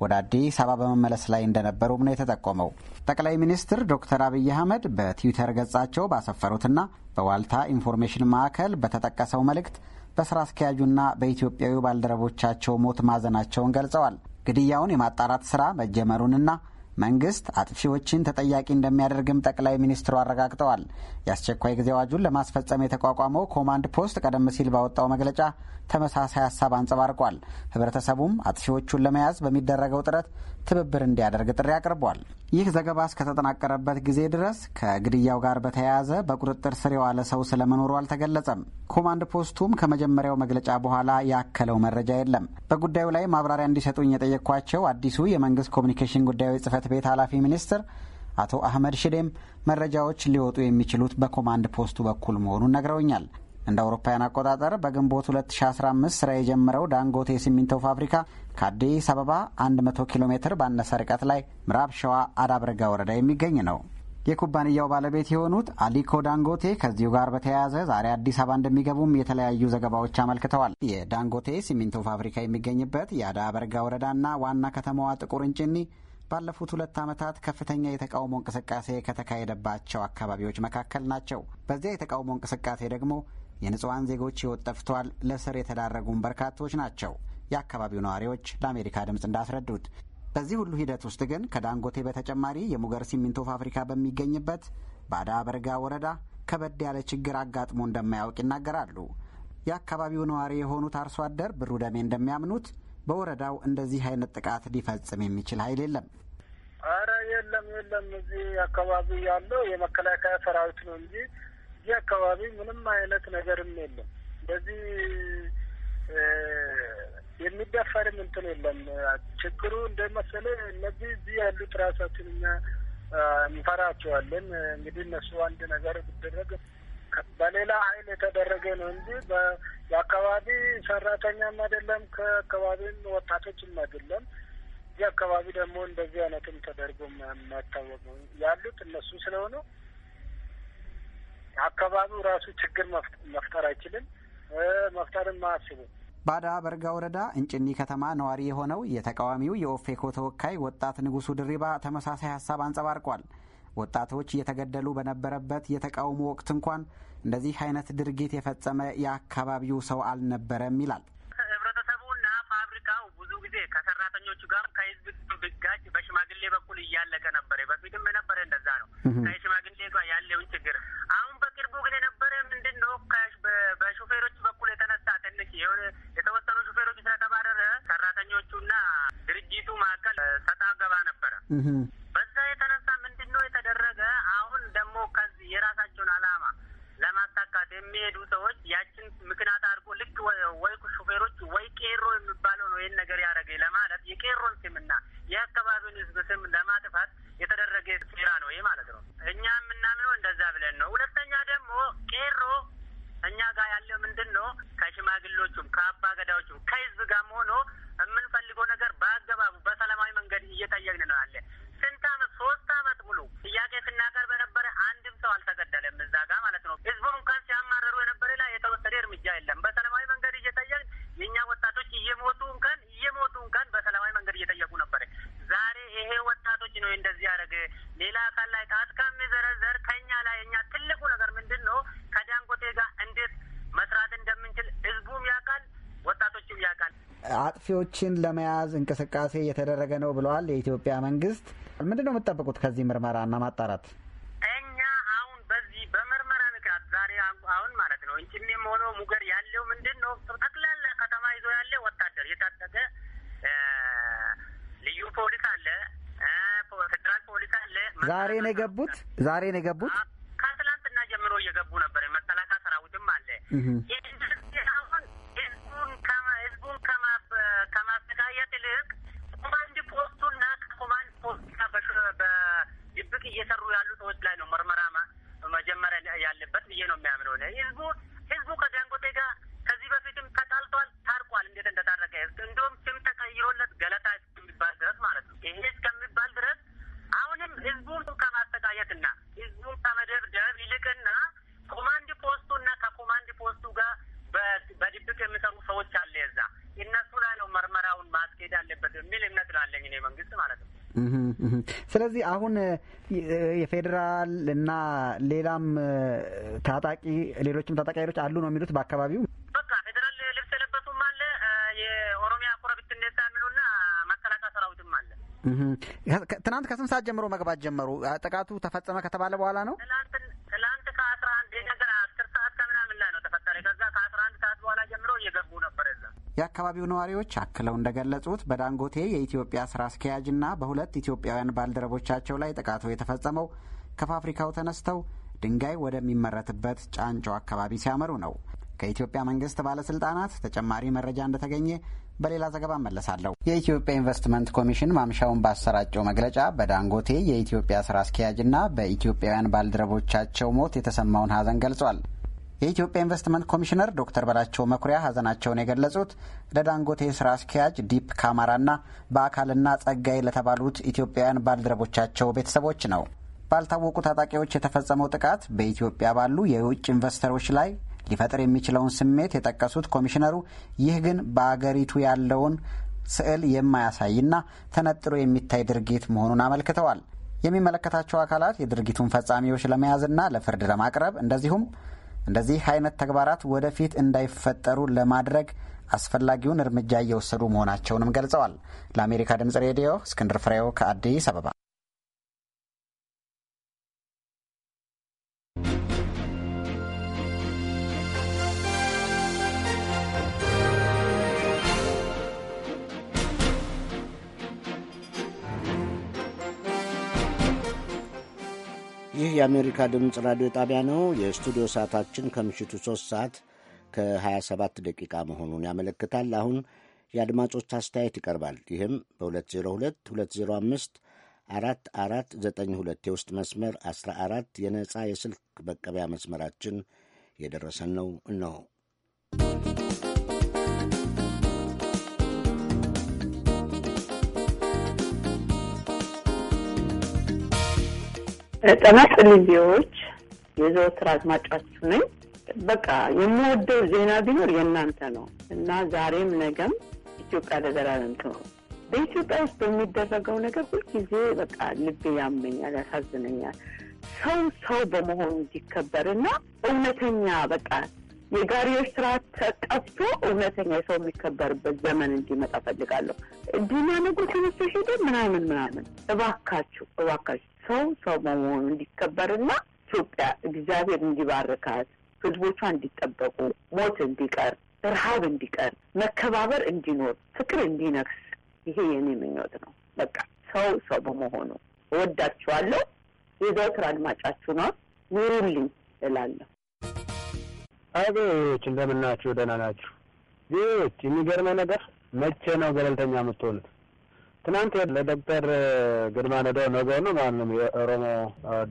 ወደ አዲስ አበባ በመመለስ ላይ እንደነበሩም ነው የተጠቆመው። ጠቅላይ ሚኒስትር ዶክተር አብይ አህመድ በትዊተር ገጻቸው ባሰፈሩትና በዋልታ ኢንፎርሜሽን ማዕከል በተጠቀሰው መልእክት በስራ አስኪያጁና በኢትዮጵያዊ ባልደረቦቻቸው ሞት ማዘናቸውን ገልጸዋል። ግድያውን የማጣራት ስራ መጀመሩንና መንግስት አጥፊዎችን ተጠያቂ እንደሚያደርግም ጠቅላይ ሚኒስትሩ አረጋግጠዋል። የአስቸኳይ ጊዜ አዋጁን ለማስፈጸም የተቋቋመው ኮማንድ ፖስት ቀደም ሲል ባወጣው መግለጫ ተመሳሳይ ሀሳብ አንጸባርቋል። ህብረተሰቡም አጥፊዎቹን ለመያዝ በሚደረገው ጥረት ትብብር እንዲያደርግ ጥሪ አቅርቧል። ይህ ዘገባ እስከተጠናቀረበት ጊዜ ድረስ ከግድያው ጋር በተያያዘ በቁጥጥር ስር የዋለ ሰው ስለመኖሩ አልተገለጸም። ኮማንድ ፖስቱም ከመጀመሪያው መግለጫ በኋላ ያከለው መረጃ የለም። በጉዳዩ ላይ ማብራሪያ እንዲሰጡኝ የጠየቅኳቸው አዲሱ የመንግስት ኮሚኒኬሽን ጉዳዮች ጽህፈት ቤት ኃላፊ ሚኒስትር አቶ አህመድ ሽዴም መረጃዎች ሊወጡ የሚችሉት በኮማንድ ፖስቱ በኩል መሆኑን ነግረውኛል። እንደ አውሮፓውያን አቆጣጠር በግንቦት 2015 ስራ የጀመረው ዳንጎቴ ሲሚንቶ ፋብሪካ ከአዲስ አበባ 100 ኪሎ ሜትር ባነሰ ርቀት ላይ ምዕራብ ሸዋ አዳብረጋ ወረዳ የሚገኝ ነው። የኩባንያው ባለቤት የሆኑት አሊኮ ዳንጎቴ ከዚሁ ጋር በተያያዘ ዛሬ አዲስ አበባ እንደሚገቡም የተለያዩ ዘገባዎች አመልክተዋል። የዳንጎቴ ሲሚንቶ ፋብሪካ የሚገኝበት የአዳበርጋ ወረዳና ዋና ከተማዋ ጥቁር እንጭኒ ባለፉት ሁለት ዓመታት ከፍተኛ የተቃውሞ እንቅስቃሴ ከተካሄደባቸው አካባቢዎች መካከል ናቸው። በዚያ የተቃውሞ እንቅስቃሴ ደግሞ የንጹሐን ዜጎች ሕይወት ጠፍቷል። ለእስር የተዳረጉም በርካቶች ናቸው። የአካባቢው ነዋሪዎች ለአሜሪካ ድምፅ እንዳስረዱት በዚህ ሁሉ ሂደት ውስጥ ግን ከዳንጎቴ በተጨማሪ የሙገር ሲሚንቶ ፋብሪካ በሚገኝበት ባዳ በርጋ ወረዳ ከበድ ያለ ችግር አጋጥሞ እንደማያውቅ ይናገራሉ። የአካባቢው ነዋሪ የሆኑት አርሶ አደር ብሩ ደሜ እንደሚያምኑት በወረዳው እንደዚህ አይነት ጥቃት ሊፈጽም የሚችል ኃይል የለም። አረ የለም የለም። እዚህ አካባቢ ያለው የመከላከያ ሰራዊት ነው እንጂ እዚህ አካባቢ ምንም አይነት ነገርም የለም። በዚህ የሚደፈርም እንትን የለም። ችግሩ እንደመሰለ እነዚህ እዚህ ያሉት ራሳችን እኛ እንፈራቸዋለን። እንግዲህ እነሱ አንድ ነገር ብደረግ በሌላ ኃይል የተደረገ ነው እንጂ የአካባቢ ሰራተኛም አይደለም ከአካባቢም ወጣቶችም አይደለም። እዚህ አካባቢ ደግሞ እንደዚህ አይነትም ተደርጎ የማይታወቅ ያሉት እነሱ ስለሆኑ አካባቢው ራሱ ችግር መፍጠር አይችልም፣ መፍጠርም አያስቡም። ባዳ በርጋ ወረዳ እንጭኒ ከተማ ነዋሪ የሆነው የተቃዋሚው የኦፌኮ ተወካይ ወጣት ንጉሱ ድሪባ ተመሳሳይ ሀሳብ አንጸባርቋል። ወጣቶች እየተገደሉ በነበረበት የተቃውሞ ወቅት እንኳን እንደዚህ አይነት ድርጊት የፈጸመ የአካባቢው ሰው አልነበረም ይላል። ህብረተሰቡና ፋብሪካው ብዙ ጊዜ ከሰራተኞቹ ጋር ከህዝብ ሲጋጭ በሽማግሌ በኩል እያለቀ ነበር። በፊትም የነበረ እንደዛ ነው ከሽማግሌ ጋር ያለውን ችግር። አሁን በቅርቡ ግን የነበረ ምንድን ነው በሹፌሮች በኩል የተነሳ ትንሽ የሆነ የተወሰኑ ሹፌሮች ስለተባረረ ሰራተኞቹና ድርጅቱ መካከል ሰጣ ገባ ነበረ። በዛ የተነሳ ምንድን ነው የተደረገ አሁን ደግሞ ከዚህ የራሳቸውን አላማ ለማሳካት የሚሄዱ ሰዎች ያችን ምክንያት አድርጎ ልክ ወይ ሹፌሮች ወይ ቄሮ የሚባለው ነው ይህን ነገር ያደረገ ለማለት የቄሮን ስምና የአካባቢውን ህዝብ ስም ለማጥፋት የተደረገ ሴራ ነው ይህ ማለት ነው። እኛ የምናምነው እንደዛ ብለን ነው። ሁለተኛ ደግሞ ቄሮ እኛ ጋር ያለው ምንድን ነው ከሽማግሎቹም ከአባ ገዳዎቹም ከህዝብ ጋርም ሆኖ የምንፈልገው ነገር በአገባቡ በሰላማዊ መንገድ እየጠየቅን ነው ያለ ስንት አመት ሶስት አመት ሙሉ ጥያቄ ስናቀርብ የነበረ አንድም ሰው አልተገደለም። እዛ ጋር ማለት ነው። ህዝቡን እንኳን ሲያማረሩ የነበረ ላይ የተወሰደ እርምጃ የለም። በሰላማዊ መንገድ እየጠየቅ የእኛ ወጣቶች እየሞቱ እንኳን እየሞቱ እንኳን በሰላማዊ መንገድ እየጠየቁ ነበረ። ዛሬ ይሄ ወጣቶች ነው እንደዚህ ያደረገ ሌላ አካል ላይ ጣት ከሚዘረዘር ከኛ ላይ እኛ ትልቁ ነገር ምንድን ነው ከዳንጎቴ ጋር እንዴት መስራት እንደምንችል ህዝቡም ያውቃል፣ ወጣቶቹም ያውቃል። አጥፊዎችን ለመያዝ እንቅስቃሴ እየተደረገ ነው ብለዋል የኢትዮጵያ መንግስት። ምንድን ነው የምጠብቁት ከዚህ ምርመራና ማጣራት? እኛ አሁን በዚህ በምርመራ ምክንያት ዛሬ አሁን ማለት ነው እንጭኔም ሆኖ ሙገር ያለው ምንድን ነው ጠቅላላ ከተማ ይዞ ያለ ወታደር የታጠቀ ልዩ ፖሊስ አለ፣ ፌዴራል ፖሊስ አለ። ዛሬ ነው የገቡት። ዛሬ ነው የገቡት። ከትላንትና ጀምሮ እየገቡ ነበር። የመከላከያ ሰራዊትም አለ። 棚田がやって አሁን የፌዴራል እና ሌላም ታጣቂ ሌሎችም ታጣቂ ኃይሎች አሉ ነው የሚሉት በአካባቢው በቃ ፌዴራል ልብስ የለበሱም አለ፣ የኦሮሚያ ኮረብት እንደዛ የሚሉና መከላከያ ሰራዊትም አለ። ትናንት ከስንት ሰዓት ጀምሮ መግባት ጀመሩ? ጥቃቱ ተፈጸመ ከተባለ በኋላ ነው ትናንት የአካባቢው ነዋሪዎች አክለው እንደገለጹት በዳንጎቴ የኢትዮጵያ ስራ አስኪያጅና በሁለት ኢትዮጵያውያን ባልደረቦቻቸው ላይ ጥቃቱ የተፈጸመው ከፋብሪካው ተነስተው ድንጋይ ወደሚመረትበት ጫንጮ አካባቢ ሲያመሩ ነው። ከኢትዮጵያ መንግስት ባለስልጣናት ተጨማሪ መረጃ እንደተገኘ በሌላ ዘገባ እመለሳለሁ። የኢትዮጵያ ኢንቨስትመንት ኮሚሽን ማምሻውን ባሰራጨው መግለጫ በዳንጎቴ የኢትዮጵያ ስራ አስኪያጅና በኢትዮጵያውያን ባልደረቦቻቸው ሞት የተሰማውን ሀዘን ገልጿል። የኢትዮጵያ ኢንቨስትመንት ኮሚሽነር ዶክተር በላቸው መኩሪያ ሀዘናቸውን የገለጹት ለዳንጎቴ ስራ አስኪያጅ ዲፕ ካማራና በአካልና ጸጋይ ለተባሉት ኢትዮጵያውያን ባልደረቦቻቸው ቤተሰቦች ነው። ባልታወቁ ታጣቂዎች የተፈጸመው ጥቃት በኢትዮጵያ ባሉ የውጭ ኢንቨስተሮች ላይ ሊፈጥር የሚችለውን ስሜት የጠቀሱት ኮሚሽነሩ ይህ ግን በአገሪቱ ያለውን ስዕል የማያሳይና ተነጥሮ የሚታይ ድርጊት መሆኑን አመልክተዋል። የሚመለከታቸው አካላት የድርጊቱን ፈጻሚዎች ለመያዝና ለፍርድ ለማቅረብ እንደዚሁም እንደዚህ አይነት ተግባራት ወደፊት እንዳይፈጠሩ ለማድረግ አስፈላጊውን እርምጃ እየወሰዱ መሆናቸውንም ገልጸዋል። ለአሜሪካ ድምጽ ሬዲዮ እስክንድር ፍሬው ከአዲስ አበባ የአሜሪካ ድምፅ ራዲዮ ጣቢያ ነው። የስቱዲዮ ሰዓታችን ከምሽቱ 3 ሰዓት ከ27 ደቂቃ መሆኑን ያመለክታል። አሁን የአድማጮች አስተያየት ይቀርባል። ይህም በ202205 4492 የውስጥ መስመር 14 የነፃ የስልክ መቀበያ መስመራችን የደረሰን ነው ነው ጤና ይስጥልኝ ቪዎች የዘወትር አድማጫችሁ ነኝ። በቃ የምወደው ዜና ቢኖር የእናንተ ነው እና ዛሬም ነገም ኢትዮጵያ ለዘላለም ትኖር። በኢትዮጵያ ውስጥ በሚደረገው ነገር ሁልጊዜ በቃ ልብ ያመኛል፣ ያሳዝነኛል። ሰው ሰው በመሆኑ እንዲከበር እና እውነተኛ በቃ የጋሪዎች ስርዓት ተቀፍቶ እውነተኛ የሰው የሚከበርበት ዘመን እንዲመጣ ፈልጋለሁ። ዲና ነጎ ተነስቶ ሄደ ምናምን ምናምን። እባካችሁ እባካችሁ ሰው ሰው በመሆኑ እንዲከበርና ኢትዮጵያ እግዚአብሔር እንዲባርካት ህዝቦቿ እንዲጠበቁ፣ ሞት እንዲቀር፣ ረሀብ እንዲቀር፣ መከባበር እንዲኖር፣ ፍቅር እንዲነግስ ይሄ የኔ ምኞት ነው። በቃ ሰው ሰው በመሆኑ እወዳችኋለሁ። የዘወትር አድማጫችሁ ነው። ኑሩልኝ እላለሁ። አቤዎች እንደምናችሁ፣ ደህና ናችሁ? ዜዎች የሚገርመ ነገር መቼ ነው ገለልተኛ የምትሆኑት? ትናንት ለዶክተር ግርማ ነዶ ነገ ነው ማንም የኦሮሞ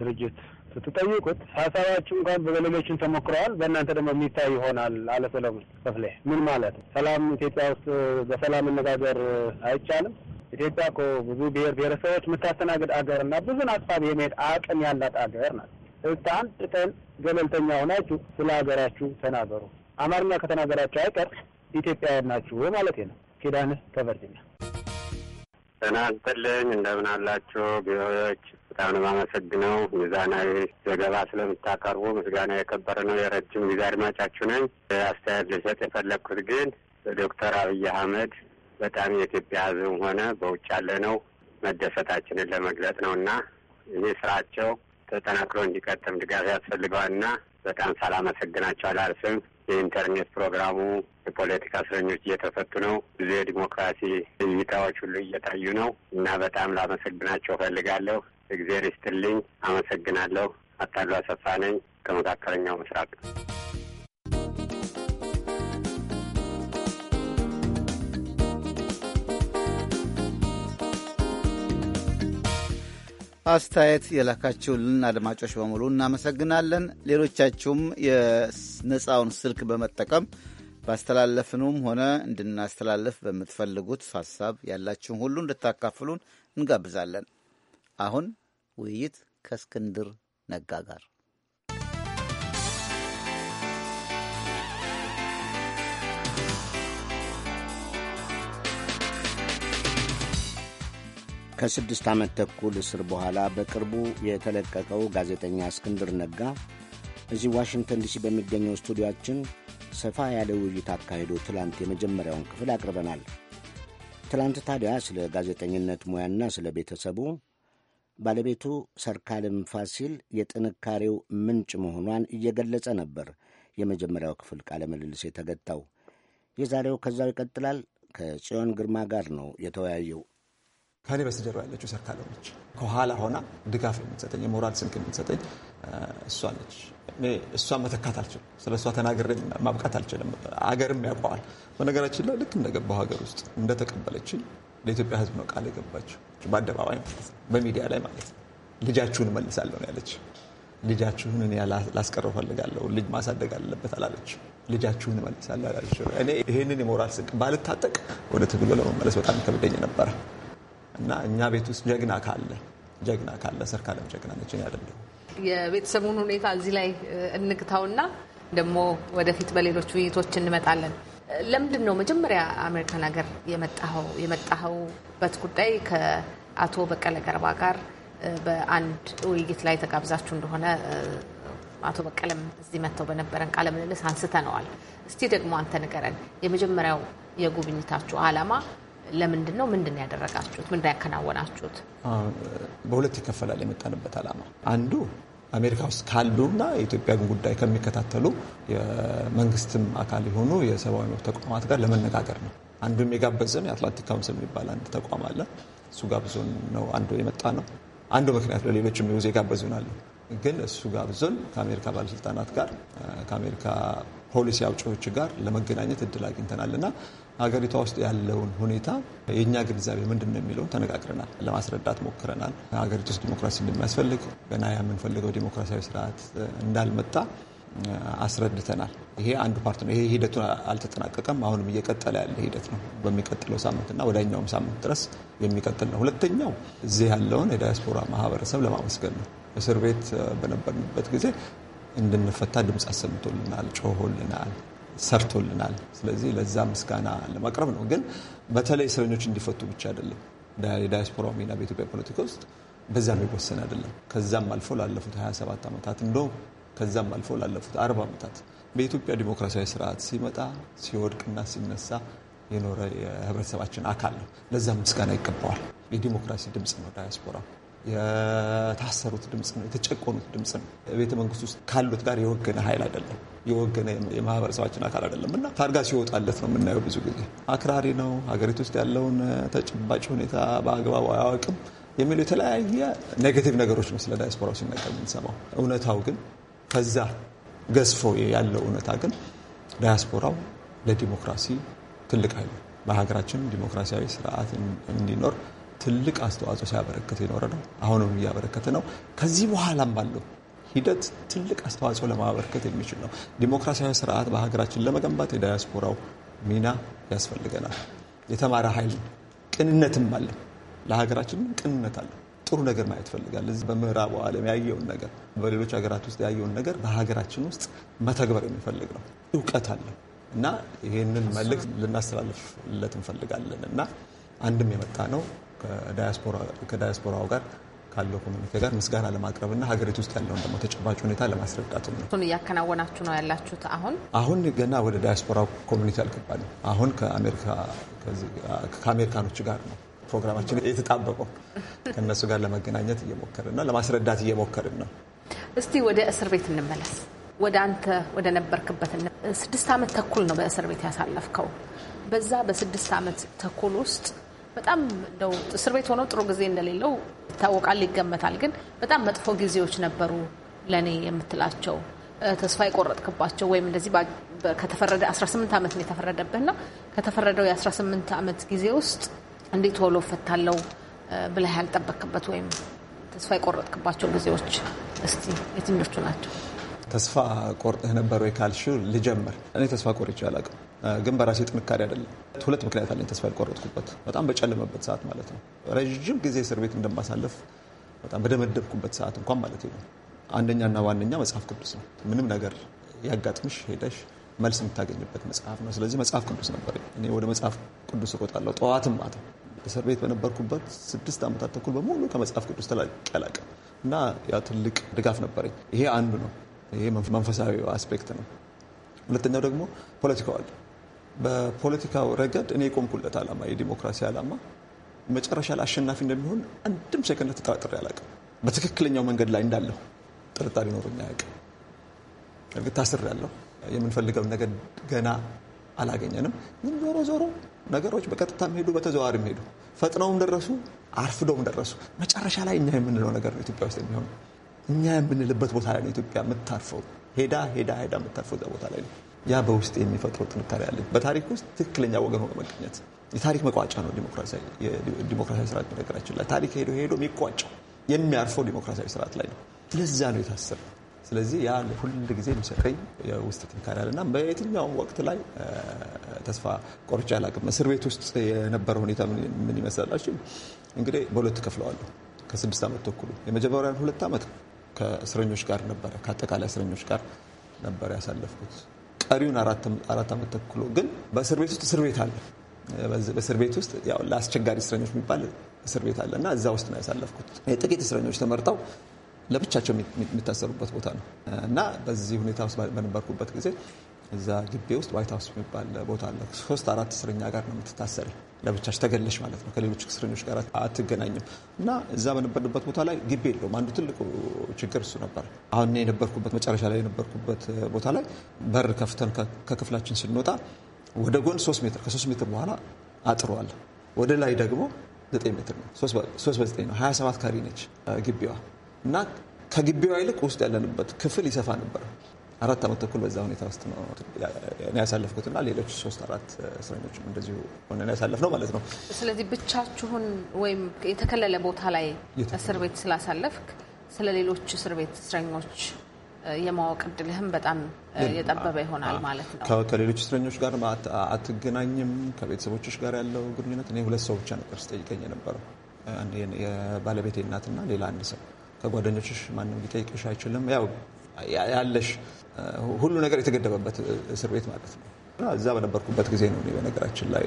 ድርጅት ስትጠይቁት ሀሳባችሁ እንኳን በሌሎችን ተሞክረዋል፣ በእናንተ ደግሞ የሚታይ ይሆናል አለ ሰለሞን ክፍሌ። ምን ማለት ነው? ሰላም ኢትዮጵያ ውስጥ በሰላም መነጋገር አይቻልም? ኢትዮጵያ እኮ ብዙ ብሔር ብሔረሰቦች የምታስተናግድ አገር እና ብዙ አስፋብ የመሄድ አቅም ያላት አገር ናት። እስከ አንድ ቀን ገለልተኛ ሆናችሁ ስለ ሀገራችሁ ተናገሩ። አማርኛ ከተናገራችሁ አይቀር ኢትዮጵያውያን ናችሁ ማለት ነው። ኪዳንህ ከቨርጂኒያ ጤና ይስጥልኝ። እንደምን አላችሁ ቢሆዎች? በጣም ነው የማመሰግነው ሚዛናዊ ዘገባ ስለምታቀርቡ ምስጋና የከበረ ነው። የረጅም ጊዜ አድማጫችሁ ነኝ። አስተያየት ልሰጥ የፈለግኩት ግን በዶክተር አብይ አህመድ በጣም የኢትዮጵያ ሕዝብም ሆነ በውጭ ያለ ነው መደሰታችንን ለመግለጽ ነው እና ይህ ስራቸው ተጠናክሮ እንዲቀጥም ድጋፍ ያስፈልገዋል እና በጣም ሳላመሰግናቸው አላልፍም። የኢንተርኔት ፕሮግራሙ የፖለቲካ እስረኞች እየተፈቱ ነው። ብዙ የዲሞክራሲ እይታዎች ሁሉ እየታዩ ነው እና በጣም ላመሰግናቸው እፈልጋለሁ። እግዜር ይስጥልኝ። አመሰግናለሁ። አታሉ አሰፋ ነኝ ከመካከለኛው ምስራቅ አስተያየት የላካችሁልን አድማጮች በሙሉ እናመሰግናለን። ሌሎቻችሁም የነፃውን ስልክ በመጠቀም ባስተላለፍንም ሆነ እንድናስተላለፍ በምትፈልጉት ሀሳብ ያላችሁን ሁሉ እንድታካፍሉን እንጋብዛለን። አሁን ውይይት ከእስክንድር ነጋ ጋር ከስድስት ዓመት ተኩል እስር በኋላ በቅርቡ የተለቀቀው ጋዜጠኛ እስክንድር ነጋ እዚህ ዋሽንግተን ዲሲ በሚገኘው ስቱዲያችን ሰፋ ያለ ውይይት አካሂዶ ትላንት የመጀመሪያውን ክፍል አቅርበናል። ትላንት ታዲያ ስለ ጋዜጠኝነት ሙያና ስለ ቤተሰቡ ባለቤቱ ሰርካልም ፋሲል የጥንካሬው ምንጭ መሆኗን እየገለጸ ነበር የመጀመሪያው ክፍል ቃለ ምልልስ የተገታው። የዛሬው ከዛው ይቀጥላል። ከጽዮን ግርማ ጋር ነው የተወያየው። ከኔ በስተጀርባ ያለችው ሰርካለም ነች። ከኋላ ሆና ድጋፍ የምትሰጠኝ የሞራል ስንቅ የምትሰጠኝ እሷ ነች። እሷ መተካት አልችልም። ስለ እሷ ተናግሬ ማብቃት አልችልም። አገርም ያውቀዋል። በነገራችን ላይ ልክ እንደገባው ሀገር ውስጥ እንደተቀበለችኝ ለኢትዮጵያ ሕዝብ ነው ቃል የገባችው በአደባባይ ማለት ነው፣ በሚዲያ ላይ ማለት ነው። ልጃችሁን እመልሳለሁ ነው ያለች። ልጃችሁን እኔ ላስቀረው ፈልጋለሁ፣ ልጅ ማሳደግ አለበት አላለች። ልጃችሁን እመልሳለሁ አላለች። እኔ ይህንን የሞራል ስንቅ ባልታጠቅ ወደ ትግሉ ለመመለስ በጣም ከብደኝ ነበረ። እና እኛ ቤት ውስጥ ጀግና ካለ ጀግና ካለ ሰርካለም ጀግና ነች። ያደለው የቤተሰቡን ሁኔታ እዚህ ላይ እንግታውና ደግሞ ወደፊት በሌሎች ውይይቶች እንመጣለን። ለምንድን ነው መጀመሪያ አሜሪካን ሀገር የመጣኸውበት ጉዳይ ከአቶ በቀለ ገርባ ጋር በአንድ ውይይት ላይ ተጋብዛችሁ እንደሆነ አቶ በቀለም እዚህ መጥተው በነበረን ቃለ ምልልስ አንስተነዋል። እስቲ ደግሞ አንተ ንገረን፣ የመጀመሪያው የጉብኝታችሁ ዓላማ ለምንድን ነው? ምንድን ያደረጋችሁት? ምንድን ያከናወናችሁት? በሁለት ይከፈላል የመጣንበት ዓላማ አንዱ አሜሪካ ውስጥ ካሉና የኢትዮጵያን ጉዳይ ከሚከታተሉ የመንግስትም አካል የሆኑ የሰብአዊ መብት ተቋማት ጋር ለመነጋገር ነው። አንዱም የጋበዘን የአትላንቲክ ካውንስል የሚባል አንድ ተቋም አለ። እሱ ጋብዞን ነው አንዱ የመጣ ነው። አንዱ ምክንያት ለሌሎችም ብዙ የጋበዙናሉ። ግን እሱ ጋብዞን ከአሜሪካ ባለስልጣናት ጋር ከአሜሪካ ፖሊሲ አውጪዎች ጋር ለመገናኘት እድል አግኝተናል እና ሀገሪቷ ውስጥ ያለውን ሁኔታ የእኛ ግንዛቤ ምንድን ነው የሚለውን ተነጋግረናል፣ ለማስረዳት ሞክረናል። ሀገሪቱ ውስጥ ዲሞክራሲ እንደሚያስፈልግ ገና የምንፈልገው ዲሞክራሲያዊ ስርዓት እንዳልመጣ አስረድተናል። ይሄ አንዱ ፓርት ነው። ይሄ ሂደቱን አልተጠናቀቀም። አሁንም እየቀጠለ ያለ ሂደት ነው። በሚቀጥለው ሳምንትና ወዳኛውም ሳምንት ድረስ የሚቀጥል ነው። ሁለተኛው እዚህ ያለውን የዳያስፖራ ማህበረሰብ ለማመስገን ነው። እስር ቤት በነበርንበት ጊዜ እንድንፈታ ድምፅ አሰምቶልናል፣ ጮሆልናል። ሰርቶልናል። ስለዚህ ለዛ ምስጋና ለማቅረብ ነው። ግን በተለይ እስረኞች እንዲፈቱ ብቻ አይደለም የዳያስፖራ ሚና በኢትዮጵያ ፖለቲካ ውስጥ በዛ የሚወሰን አይደለም። ከዛም አልፎ ላለፉት 27 ዓመታት እንደውም ከዛም አልፎ ላለፉት 40 ዓመታት በኢትዮጵያ ዲሞክራሲያዊ ስርዓት ሲመጣ ሲወድቅና ሲነሳ የኖረ የህብረተሰባችን አካል ነው። ለዛ ምስጋና ይገባዋል። የዲሞክራሲ ድምፅ ነው ዳያስፖራ የታሰሩት ድምፅ ነው፣ የተጨቆኑት ድምፅ ነው። ቤተ መንግስት ውስጥ ካሉት ጋር የወገነ ኃይል አይደለም፣ የወገነ የማህበረሰባችን አካል አይደለም እና ታርጋ ሲወጣለት ነው የምናየው። ብዙ ጊዜ አክራሪ ነው፣ ሀገሪቱ ውስጥ ያለውን ተጨባጭ ሁኔታ በአግባቡ አያወቅም የሚሉ የተለያየ ኔጌቲቭ ነገሮች ነው ስለ ዳያስፖራው ሲነገር የምንሰማው። እውነታው ግን ከዛ ገዝፎ ያለው እውነታ ግን ዳያስፖራው ለዲሞክራሲ ትልቅ ኃይል በሀገራችን ዲሞክራሲያዊ ስርዓት እንዲኖር ትልቅ አስተዋጽኦ ሲያበረክት የኖረ ነው። አሁንም እያበረከተ ነው። ከዚህ በኋላም ባለው ሂደት ትልቅ አስተዋጽኦ ለማበረከት የሚችል ነው። ዲሞክራሲያዊ ስርዓት በሀገራችን ለመገንባት የዳያስፖራው ሚና ያስፈልገናል። የተማረ ኃይል ቅንነትም አለ፣ ለሀገራችን ቅንነት አለ። ጥሩ ነገር ማየት ፈልጋል። እዚህ በምዕራቡ ዓለም ያየውን ነገር፣ በሌሎች ሀገራት ውስጥ ያየውን ነገር በሀገራችን ውስጥ መተግበር የሚፈልግ ነው። እውቀት አለ እና ይህንን መልእክት ልናስተላልፍለት እንፈልጋለን እና አንድም የመጣ ነው ከዳያስፖራው ጋር ካለው ኮሚኒቲ ጋር ምስጋና ለማቅረብና ሀገሪቱ ውስጥ ያለውን ደግሞ ተጨባጭ ሁኔታ ለማስረዳት ነው። እሱን እያከናወናችሁ ነው ያላችሁት። አሁን አሁን ገና ወደ ዳያስፖራ ኮሚኒቲ አልገባንም። አሁን ከአሜሪካኖች ጋር ነው ፕሮግራማችን የተጣበቀው። ከእነሱ ጋር ለመገናኘት እየሞከርና ለማስረዳት እየሞከርን ነው። እስቲ ወደ እስር ቤት እንመለስ። ወደ አንተ ወደ ነበርክበት ስድስት ዓመት ተኩል ነው በእስር ቤት ያሳለፍከው። በዛ በስድስት ዓመት ተኩል ውስጥ በጣም እንደው እስር ቤት ሆኖ ጥሩ ጊዜ እንደሌለው ይታወቃል፣ ይገመታል። ግን በጣም መጥፎ ጊዜዎች ነበሩ ለእኔ የምትላቸው ተስፋ የቆረጥክባቸው ወይም እንደዚህ ከተፈረደ 18 ዓመት ነው የተፈረደብህና ከተፈረደው የ18 ዓመት ጊዜ ውስጥ እንዴት ቶሎ እፈታለሁ ብለህ ያልጠበክበት ወይም ተስፋ የቆረጥክባቸው ጊዜዎች እስቲ የትኞቹ ናቸው? ተስፋ ቆርጥህ ነበር ወይ ካልሽው ልጀምር። እኔ ተስፋ ቆርጬ አላውቅም። ግን በራሴ ጥንካሬ አይደለም። ሁለት ምክንያት አለኝ ተስፋ ያልቆረጥኩበት በጣም በጨለመበት ሰዓት ማለት ነው። ረዥም ጊዜ እስር ቤት እንደማሳለፍ በጣም በደመደብኩበት ሰዓት እንኳን ማለት ነው። አንደኛና ዋነኛ መጽሐፍ ቅዱስ ነው። ምንም ነገር ያጋጥምሽ ሄደሽ መልስ የምታገኝበት መጽሐፍ ነው። ስለዚህ መጽሐፍ ቅዱስ ነበር። እኔ ወደ መጽሐፍ ቅዱስ እሮጣለሁ ጠዋትም ማታ። እስር ቤት በነበርኩበት ስድስት ዓመታት ተኩል በሙሉ ከመጽሐፍ ቅዱስ ተላቀላቀ እና ያ ትልቅ ድጋፍ ነበረኝ። ይሄ አንዱ ነው። ይሄ መንፈሳዊ አስፔክት ነው። ሁለተኛው ደግሞ ፖለቲካው አለ። በፖለቲካው ረገድ እኔ የቆምኩለት ዓላማ የዲሞክራሲ ዓላማ መጨረሻ ላይ አሸናፊ እንደሚሆን አንድም ሴከንድ ተጠራጥሬ አላውቅም። በትክክለኛው መንገድ ላይ እንዳለሁ ጥርጣሬ ኖሮኝ አያውቅም። እርግጥ ታስሬያለሁ፣ የምንፈልገውን ነገር ገና አላገኘንም። ግን ዞሮ ዞሮ ነገሮች በቀጥታም ሄዱ፣ በተዘዋዋሪም ሄዱ፣ ፈጥነውም ደረሱ፣ አርፍደውም ደረሱ። መጨረሻ ላይ እኛ የምንለው ነገር ነው ኢትዮጵያ ውስጥ የሚሆነው። እኛ የምንልበት ቦታ ላይ ነው ኢትዮጵያ የምታርፈው። ሄዳ ሄዳ ሄዳ የምታርፈው እዛ ቦታ ላይ ነው። ያ በውስጥ የሚፈጥረው ጥንካሬ አለ። በታሪክ ውስጥ ትክክለኛ ወገን ሆኖ መገኘት የታሪክ መቋጫ ነው። ዲሞክራሲያዊ ስርዓት በነገራችን ላይ ታሪክ ሄዶ ሄዶ የሚቋጨው የሚያርፈው ዲሞክራሲያዊ ስርዓት ላይ ነው። ለዚያ ነው የታሰበ። ስለዚህ ያ ሁል ጊዜ የሚሰጠኝ የውስጥ ጥንካሬ አለ እና በየትኛውም ወቅት ላይ ተስፋ ቆርጬ አላውቅም። እስር ቤት ውስጥ የነበረ ሁኔታ ምን ይመስላላችሁ? እንግዲህ በሁለት ከፍለዋለሁ። ከስድስት ዓመት ተኩሉ የመጀመሪያን ሁለት ዓመት ከእስረኞች ጋር ነበረ ከአጠቃላይ እስረኞች ጋር ነበር ያሳለፍኩት ቀሪውን አራት ዓመት ተኩሎ ግን በእስር ቤት ውስጥ እስር ቤት አለ። በእስር ቤት ውስጥ ያው ለአስቸጋሪ እስረኞች የሚባል እስር ቤት አለ እና እዛ ውስጥ ነው ያሳለፍኩት። የጥቂት እስረኞች ተመርጠው ለብቻቸው የሚታሰሩበት ቦታ ነው እና በዚህ ሁኔታ ውስጥ በነበርኩበት ጊዜ እዛ ግቢ ውስጥ ዋይት ሀውስ የሚባል ቦታ አለ። ሶስት አራት እስረኛ ጋር ነው የምትታሰሪ ለብቻሽ ተገለሽ ማለት ነው። ከሌሎች እስረኞች ጋር አትገናኝም እና እዛ በነበርንበት ቦታ ላይ ግቢ የለውም። አንዱ ትልቁ ችግር እሱ ነበር። አሁን የነበርኩበት መጨረሻ ላይ የነበርኩበት ቦታ ላይ በር ከፍተን ከክፍላችን ስንወጣ ወደ ጎን ሶስት ሜትር ከሶስት ሜትር በኋላ አጥሯል። ወደ ላይ ደግሞ ዘጠኝ ሜትር ነው። ሶስት በዘጠኝ ነው። ሀያ ሰባት ካሪ ነች ግቢዋ እና ከግቢዋ ይልቅ ውስጥ ያለንበት ክፍል ይሰፋ ነበር። አራት ዓመት ተኩል በዛ ሁኔታ ውስጥ ነው እኔ ያሳለፍኩትና ሌሎች ሶስት አራት እስረኞች እንደዚሁ ሆነን ያሳለፍ ነው ማለት ነው። ስለዚህ ብቻችሁን ወይም የተከለለ ቦታ ላይ እስር ቤት ስላሳለፍክ ስለ ሌሎች እስር ቤት እስረኞች የማወቅ እድልህም በጣም የጠበበ ይሆናል ማለት ነው። ከሌሎች እስረኞች ጋር አትገናኝም። ከቤተሰቦች ጋር ያለው ግንኙነት እኔ ሁለት ሰው ብቻ ነበር ስጠይቀኝ የነበረው የባለቤቴ እናትና ሌላ አንድ ሰው። ከጓደኞችሽ ማንም ሊጠይቅሽ አይችልም ያው ያለሽ ሁሉ ነገር የተገደበበት እስር ቤት ማለት ነው። እዛ በነበርኩበት ጊዜ ነው በነገራችን ላይ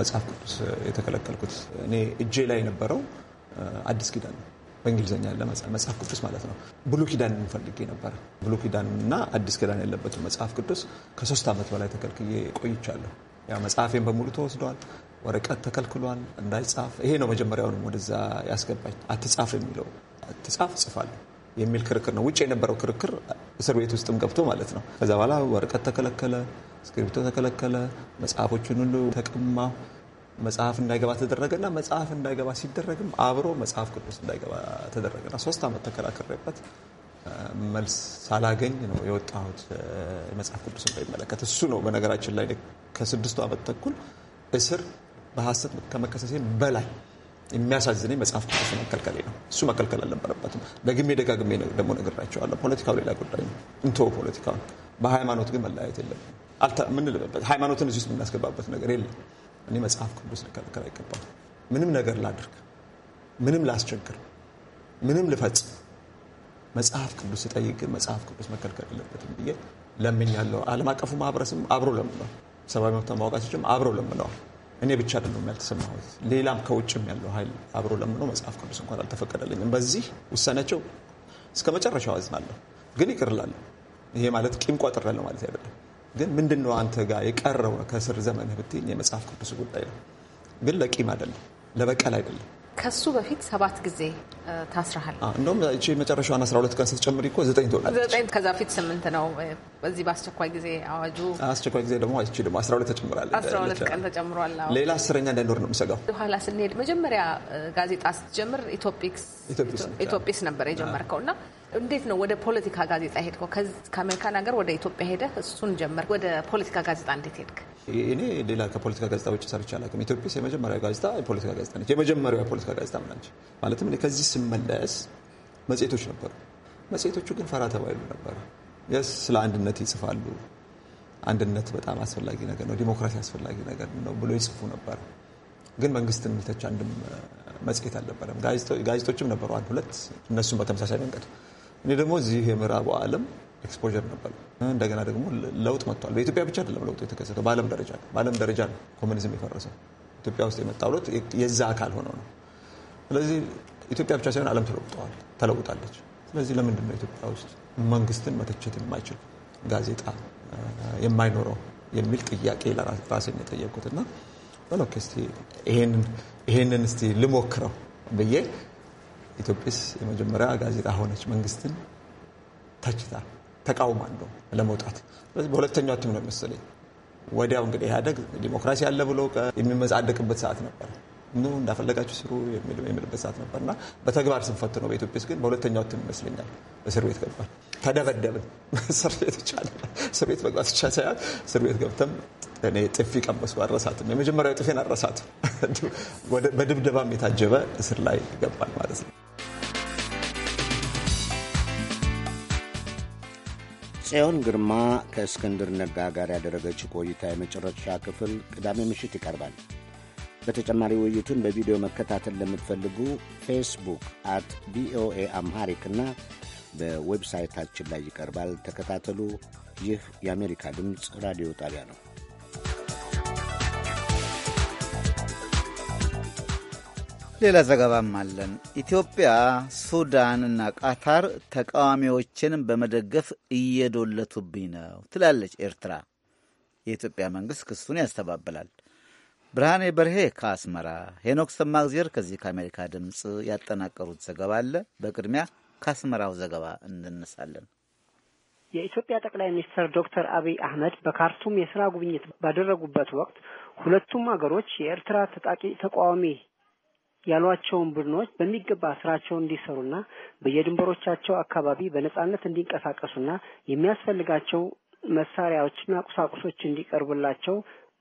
መጽሐፍ ቅዱስ የተከለከልኩት። እኔ እጄ ላይ የነበረው አዲስ ኪዳን ነው በእንግሊዝኛ ያለ መጽሐፍ ቅዱስ ማለት ነው። ብሉ ኪዳን የምፈልግ ነበረ። ብሉ ኪዳን እና አዲስ ኪዳን ያለበትን መጽሐፍ ቅዱስ ከሶስት ዓመት በላይ ተከልክዬ ቆይቻለሁ። ያ መጽሐፌን በሙሉ ተወስዷል። ወረቀት ተከልክሏል እንዳይጻፍ። ይሄ ነው መጀመሪያውንም ወደዛ ያስገባኝ። አትጻፍ የሚለው አትጻፍ ጽፋለሁ የሚል ክርክር ነው። ውጭ የነበረው ክርክር እስር ቤት ውስጥም ገብቶ ማለት ነው። ከዛ በኋላ ወረቀት ተከለከለ፣ እስክሪብቶ ተከለከለ፣ መጽሐፎችን ሁሉ ተቀማ። መጽሐፍ እንዳይገባ ተደረገና መጽሐፍ እንዳይገባ ሲደረግም አብሮ መጽሐፍ ቅዱስ እንዳይገባ ተደረገና ሶስት ዓመት ተከራክሬበት መልስ ሳላገኝ ነው የወጣሁት። መጽሐፍ ቅዱስ እንዳይመለከት እሱ ነው በነገራችን ላይ ከስድስቱ ዓመት ተኩል እስር በሐሰት ከመከሰሴ በላይ የሚያሳዝነኝ መጽሐፍ ቅዱስ መከልከሌ ነው። እሱ መከልከል አልነበረበትም። ደግሜ ደጋግሜ ደግሞ ነግራቸዋለሁ። ፖለቲካው ሌላ ጉዳይ ነው። እንተወ ፖለቲካ። በሃይማኖት ግን መለያየት የለም። ምንልበት ሃይማኖትን እዚህ ውስጥ የምናስገባበት ነገር የለም። እኔ መጽሐፍ ቅዱስ ልከልከል አይገባም። ምንም ነገር ላድርግ፣ ምንም ላስቸግር፣ ምንም ልፈጽም መጽሐፍ ቅዱስ ስጠይቅ ግን መጽሐፍ ቅዱስ መከልከል የለበትም ብዬ ለምኛለሁ። ዓለም አቀፉ ማህበረሰብ አብሮ ለምነዋል። ሰብአዊ መብት ማወቃቶችም አብረው ለምነዋል። እኔ ብቻ አይደለም ያልተሰማሁት፣ ሌላም ከውጭም ያለው ኃይል አብሮ ለምኖ መጽሐፍ ቅዱስ እንኳን አልተፈቀደልኝም። በዚህ ውሳኔያቸው እስከ መጨረሻው አዝናለሁ፣ ግን ይቅር እላለሁ። ይሄ ማለት ቂም ቋጥሬያለሁ ማለት አይደለም። ግን ምንድን ነው አንተ ጋር የቀረው ከስር ዘመንህ ብትይኝ የመጽሐፍ ቅዱስ ጉዳይ ነው፣ ግን ለቂም አይደለም፣ ለበቀል አይደለም ከሱ በፊት ሰባት ጊዜ ታስረሃል። እንደውም እቺ የመጨረሻዋን 12 ቀን ስትጨምር እኮ ዘጠኝ ትሆናለች። ከዛ ፊት ስምንት ነው። በዚህ በአስቸኳይ ጊዜ አዋጁ አስቸኳይ ጊዜ ደግሞ አይቺ ደግሞ 12 ተጨምራለች። 12 ቀን ተጨምሯል። ሌላ አስረኛ እንዳይኖር ነው የምሰጋው። ኋላ ስንሄድ መጀመሪያ ጋዜጣ ስትጀምር ኢትዮጵስ ነበር የጀመርከው እና እንዴት ነው ወደ ፖለቲካ ጋዜጣ ሄድ ከአሜሪካን ሀገር ወደ ኢትዮጵያ ሄደ እሱን ጀመር። ወደ ፖለቲካ ጋዜጣ እንዴት ሄድክ? እኔ ሌላ ከፖለቲካ ጋዜጣ ውጭ ሰርቼ አላውቅም። ኢትዮጵያ የመጀመሪያ ጋዜጣ የፖለቲካ ጋዜጣ ነች። የመጀመሪያ የፖለቲካ ጋዜጣ ምናች ማለትም እኔ ከዚህ ስመለስ መጽሔቶች ነበሩ። መጽሔቶቹ ግን ፈራ ተባይሉ ይሉ ነበረ። ስለ አንድነት ይጽፋሉ። አንድነት በጣም አስፈላጊ ነገር ነው፣ ዲሞክራሲ አስፈላጊ ነገር ነው ብሎ ይጽፉ ነበር። ግን መንግስትን የሚተች አንድም መጽሔት አልነበረም። ጋዜጦችም ነበሩ አንድ ሁለት፣ እነሱም በተመሳሳይ መንገድ እኔ ደግሞ እዚህ የምዕራቡ ዓለም ኤክስፖዠር ነበር። እንደገና ደግሞ ለውጥ መጥቷል። በኢትዮጵያ ብቻ አይደለም ለውጥ የተከሰተው፣ በዓለም ደረጃ ነው። በዓለም ደረጃ ነው ኮሚኒዝም የፈረሰው። ኢትዮጵያ ውስጥ የመጣው ለውጥ የዛ አካል ሆነው ነው። ስለዚህ ኢትዮጵያ ብቻ ሳይሆን ዓለም ተለውጠዋል ተለውጣለች። ስለዚህ ለምንድን ነው ኢትዮጵያ ውስጥ መንግስትን መተቸት የማይችል ጋዜጣ የማይኖረው የሚል ጥያቄ ራሴን የጠየቁት እና በሎኬ ይሄንን እስቲ ልሞክረው ብዬ ኢትዮጵስ የመጀመሪያ ጋዜጣ ሆነች። መንግስትን ተችታ ተቃውማ እንደው ለመውጣት ስለዚህ በሁለተኛው እትም ነው መሰለኝ ወዲያው እንግዲህ ኢህአደግ ዲሞክራሲ አለ ብሎ የሚመጻደቅበት ሰዓት ነበር። ኑ እንዳፈለጋችሁ ስሩ የሚልበት ሰዓት ነበር እና በተግባር ስንፈት ነው። በኢትዮጵያ ግን በሁለተኛው እትም ይመስለኛል እስር ቤት ገባል። ተደበደብን። [laughs] እስር ቤት ብቻ እስር ቤት መግባት ብቻ ሳይሆን እስር ቤት ገብተም እኔ ጥፊ ቀመሱ አረሳትም። የመጀመሪያው ጥፊን አረሳት [laughs] በድብደባም የታጀበ እስር ላይ ይገባል ማለት ነው። ጽዮን ግርማ ከእስክንድር ነጋ ጋር ያደረገች ቆይታ የመጨረሻ ክፍል ቅዳሜ ምሽት ይቀርባል። በተጨማሪ ውይይቱን በቪዲዮ መከታተል ለምትፈልጉ ፌስቡክ አት ቪኦኤ አምሃሪክ እና በዌብሳይታችን ላይ ይቀርባል። ተከታተሉ። ይህ የአሜሪካ ድምፅ ራዲዮ ጣቢያ ነው። ሌላ ዘገባም አለን። ኢትዮጵያ፣ ሱዳን እና ቃታር ተቃዋሚዎችን በመደገፍ እየዶለቱብኝ ነው ትላለች ኤርትራ። የኢትዮጵያ መንግሥት ክሱን ያስተባብላል። ብርሃኔ በርሄ ከአስመራ፣ ሄኖክ ሰማግዜር ከዚህ ከአሜሪካ ድምፅ ያጠናቀሩት ዘገባ አለ። በቅድሚያ ከአስመራው ዘገባ እንነሳለን። የኢትዮጵያ ጠቅላይ ሚኒስትር ዶክተር አብይ አህመድ በካርቱም የስራ ጉብኝት ባደረጉበት ወቅት ሁለቱም ሀገሮች የኤርትራ ታጣቂ ተቃዋሚ ያሏቸውን ቡድኖች በሚገባ ስራቸውን እንዲሰሩና በየድንበሮቻቸው አካባቢ በነጻነት እንዲንቀሳቀሱና የሚያስፈልጋቸው መሳሪያዎችና ቁሳቁሶች እንዲቀርቡላቸው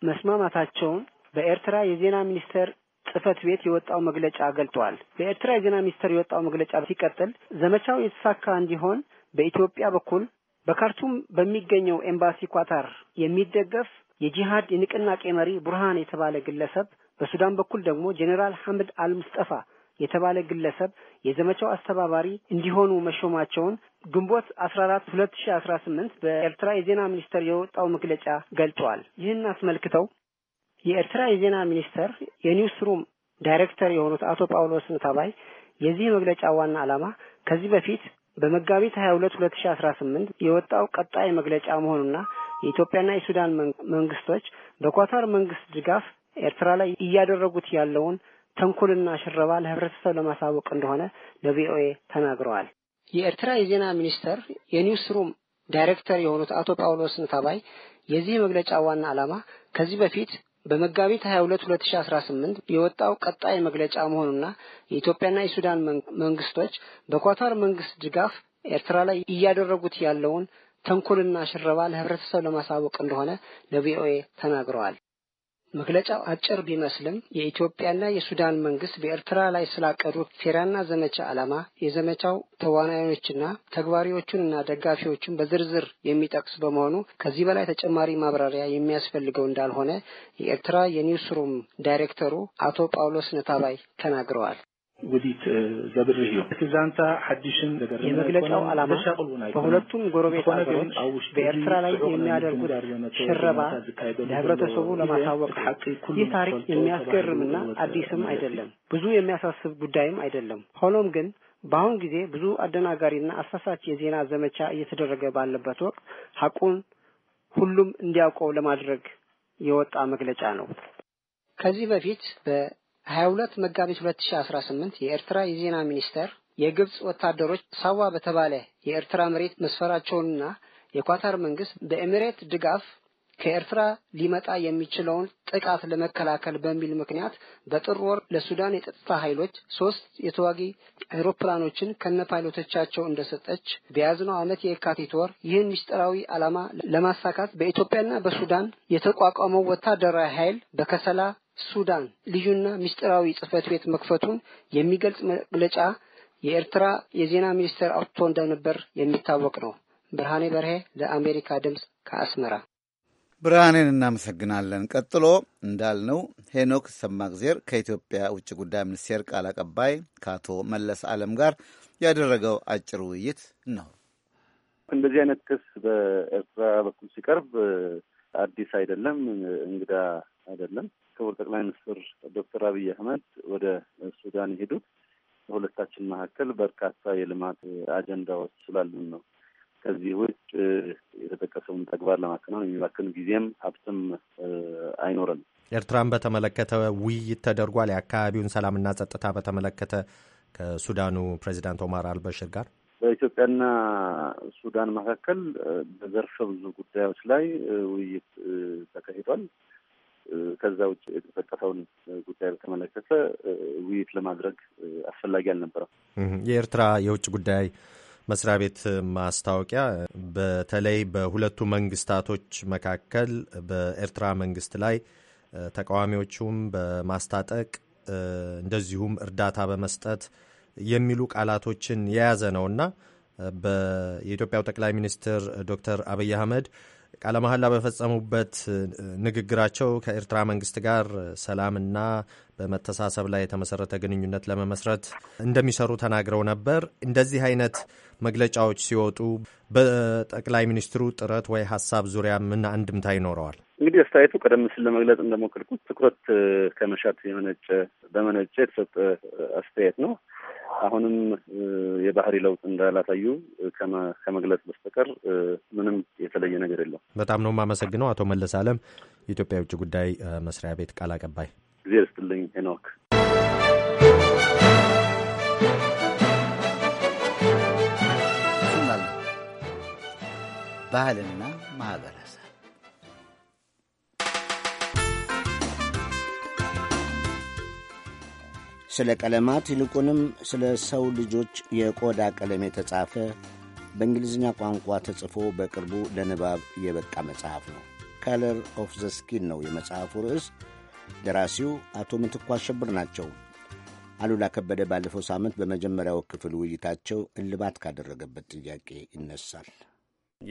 መስማማታቸውን በኤርትራ የዜና ሚኒስቴር ጽህፈት ቤት የወጣው መግለጫ ገልጧል። በኤርትራ የዜና ሚኒስቴር የወጣው መግለጫ ሲቀጥል ዘመቻው የተሳካ እንዲሆን በኢትዮጵያ በኩል በካርቱም በሚገኘው ኤምባሲ ኳታር የሚደገፍ የጂሃድ የንቅናቄ መሪ ቡርሃን የተባለ ግለሰብ በሱዳን በኩል ደግሞ ጄኔራል ሐምድ አልሙስጠፋ የተባለ ግለሰብ የዘመቻው አስተባባሪ እንዲሆኑ መሾማቸውን ግንቦት 14 2018 በኤርትራ የዜና ሚኒስቴር የወጣው መግለጫ ገልጿል። ይህን አስመልክተው የኤርትራ የዜና ሚኒስቴር የኒውስ ሩም ዳይሬክተር የሆኑት አቶ ጳውሎስ ምታባይ የዚህ መግለጫ ዋና ዓላማ ከዚህ በፊት በመጋቢት 22 2018 የወጣው ቀጣይ መግለጫ መሆኑና የኢትዮጵያና የሱዳን መንግስቶች በኳታር መንግስት ድጋፍ ኤርትራ ላይ እያደረጉት ያለውን ተንኮልና ሽረባ ለህብረተሰብ ለማሳወቅ እንደሆነ ለቪኦኤ ተናግረዋል። የኤርትራ የዜና ሚኒስቴር የኒውስ ሩም ዳይሬክተር የሆኑት አቶ ጳውሎስ ንታባይ የዚህ መግለጫ ዋና ዓላማ ከዚህ በፊት በመጋቢት 22 2018 የወጣው ቀጣይ መግለጫ መሆኑና የኢትዮጵያና የሱዳን መንግስቶች በኳታር መንግስት ድጋፍ ኤርትራ ላይ እያደረጉት ያለውን ተንኮልና ሽረባ ለህብረተሰብ ለማሳወቅ እንደሆነ ለቪኦኤ ተናግረዋል። መግለጫው አጭር ቢመስልም የኢትዮጵያና የሱዳን መንግስት በኤርትራ ላይ ስላቀዱት ሴራና ዘመቻ ዓላማ የዘመቻው ተዋናዮችና ተግባሪዎቹንና ደጋፊዎቹን በዝርዝር የሚጠቅስ በመሆኑ ከዚህ በላይ ተጨማሪ ማብራሪያ የሚያስፈልገው እንዳልሆነ የኤርትራ የኒውስሩም ዳይሬክተሩ አቶ ጳውሎስ ነታባይ ተናግረዋል። ወዲት ዘብር ሂዮ እዛንታ ሓድሽን የመግለጫው ዓላማ በሁለቱም ጎረቤት ሀገሮች በኤርትራ ላይ የሚያደርጉት ሽረባ ለህብረተሰቡ ለማሳወቅ ነው። ይህ ታሪክ የሚያስገርምና አዲስም አይደለም፣ ብዙ የሚያሳስብ ጉዳይም አይደለም። ሆኖም ግን በአሁን ጊዜ ብዙ አደናጋሪና አሳሳች የዜና ዘመቻ እየተደረገ ባለበት ወቅት ሀቁን ሁሉም እንዲያውቀው ለማድረግ የወጣ መግለጫ ነው። ከዚህ በፊት 22 መጋቢት 2018 የኤርትራ የዜና ሚኒስቴር የግብፅ ወታደሮች ሳዋ በተባለ የኤርትራ መሬት መስፈራቸውንና የኳታር መንግስት በኤሚሬት ድጋፍ ከኤርትራ ሊመጣ የሚችለውን ጥቃት ለመከላከል በሚል ምክንያት በጥር ወር ለሱዳን የጸጥታ ኃይሎች ሶስት የተዋጊ አውሮፕላኖችን ከነ ፓይሎቶቻቸው እንደሰጠች በያዝነው ዓመት የካቲት ወር ይህን ምስጢራዊ ዓላማ ለማሳካት በኢትዮጵያና በሱዳን የተቋቋመው ወታደራዊ ኃይል በከሰላ ሱዳን ልዩና ምስጢራዊ ጽህፈት ቤት መክፈቱን የሚገልጽ መግለጫ የኤርትራ የዜና ሚኒስቴር አውጥቶ እንደነበር የሚታወቅ ነው። ብርሃኔ በርሄ ለአሜሪካ ድምፅ ከአስመራ። ብርሃኔን እናመሰግናለን። ቀጥሎ እንዳልነው ሄኖክ ሰማግዜር ከኢትዮጵያ ውጭ ጉዳይ ሚኒስቴር ቃል አቀባይ ከአቶ መለስ ዓለም ጋር ያደረገው አጭር ውይይት ነው። እንደዚህ አይነት ክስ በኤርትራ በኩል ሲቀርብ አዲስ አይደለም፣ እንግዳ አይደለም። ክቡር ጠቅላይ ሚኒስትር ዶክተር አብይ አህመድ ወደ ሱዳን የሄዱት በሁለታችን መካከል በርካታ የልማት አጀንዳዎች ስላሉን ነው። ከዚህ ውጭ የተጠቀሰውን ተግባር ለማከናወን የሚባክን ጊዜም ሀብትም አይኖረን። ኤርትራን በተመለከተ ውይይት ተደርጓል። የአካባቢውን ሰላምና ጸጥታ በተመለከተ ከሱዳኑ ፕሬዚዳንት ኦማር አልበሽር ጋር በኢትዮጵያና ሱዳን መካከል በዘርፈ ብዙ ጉዳዮች ላይ ውይይት ተካሂዷል። ከዛ ውጭ የተጠቀሰውን ጉዳይ በተመለከተ ውይይት ለማድረግ አስፈላጊ አልነበረም። የኤርትራ የውጭ ጉዳይ መስሪያ ቤት ማስታወቂያ በተለይ በሁለቱ መንግስታቶች መካከል በኤርትራ መንግስት ላይ ተቃዋሚዎቹም በማስታጠቅ እንደዚሁም እርዳታ በመስጠት የሚሉ ቃላቶችን የያዘ ነውና በየኢትዮጵያው ጠቅላይ ሚኒስትር ዶክተር አብይ አህመድ ቃለ መሐላ በፈጸሙበት ንግግራቸው ከኤርትራ መንግስት ጋር ሰላምና በመተሳሰብ ላይ የተመሰረተ ግንኙነት ለመመስረት እንደሚሰሩ ተናግረው ነበር። እንደዚህ አይነት መግለጫዎች ሲወጡ በጠቅላይ ሚኒስትሩ ጥረት ወይ ሀሳብ ዙሪያ ምን አንድምታ ይኖረዋል? እንግዲህ አስተያየቱ ቀደም ሲል ለመግለጽ እንደሞከርኩት ትኩረት ከመሻት የመነጨ በመነጨ የተሰጠ አስተያየት ነው። አሁንም የባህሪ ለውጥ እንዳላሳዩ ከመግለጽ በስተቀር ምንም የተለየ ነገር የለም። በጣም ነው የማመሰግነው አቶ መለስ አለም የኢትዮጵያ የውጭ ጉዳይ መስሪያ ቤት ቃል አቀባይ። ጊዜ ርስትልኝ ሄኖክ። ባህልና ማህበር ስለ ቀለማት ይልቁንም ስለ ሰው ልጆች የቆዳ ቀለም የተጻፈ በእንግሊዝኛ ቋንቋ ተጽፎ በቅርቡ ለንባብ የበቃ መጽሐፍ ነው። ከለር ኦፍ ዘ ስኪን ነው የመጽሐፉ ርዕስ። ደራሲው አቶ ምትኩ አሸብር ናቸው። አሉላ ከበደ ባለፈው ሳምንት በመጀመሪያው ክፍል ውይይታቸው እልባት ካደረገበት ጥያቄ ይነሳል።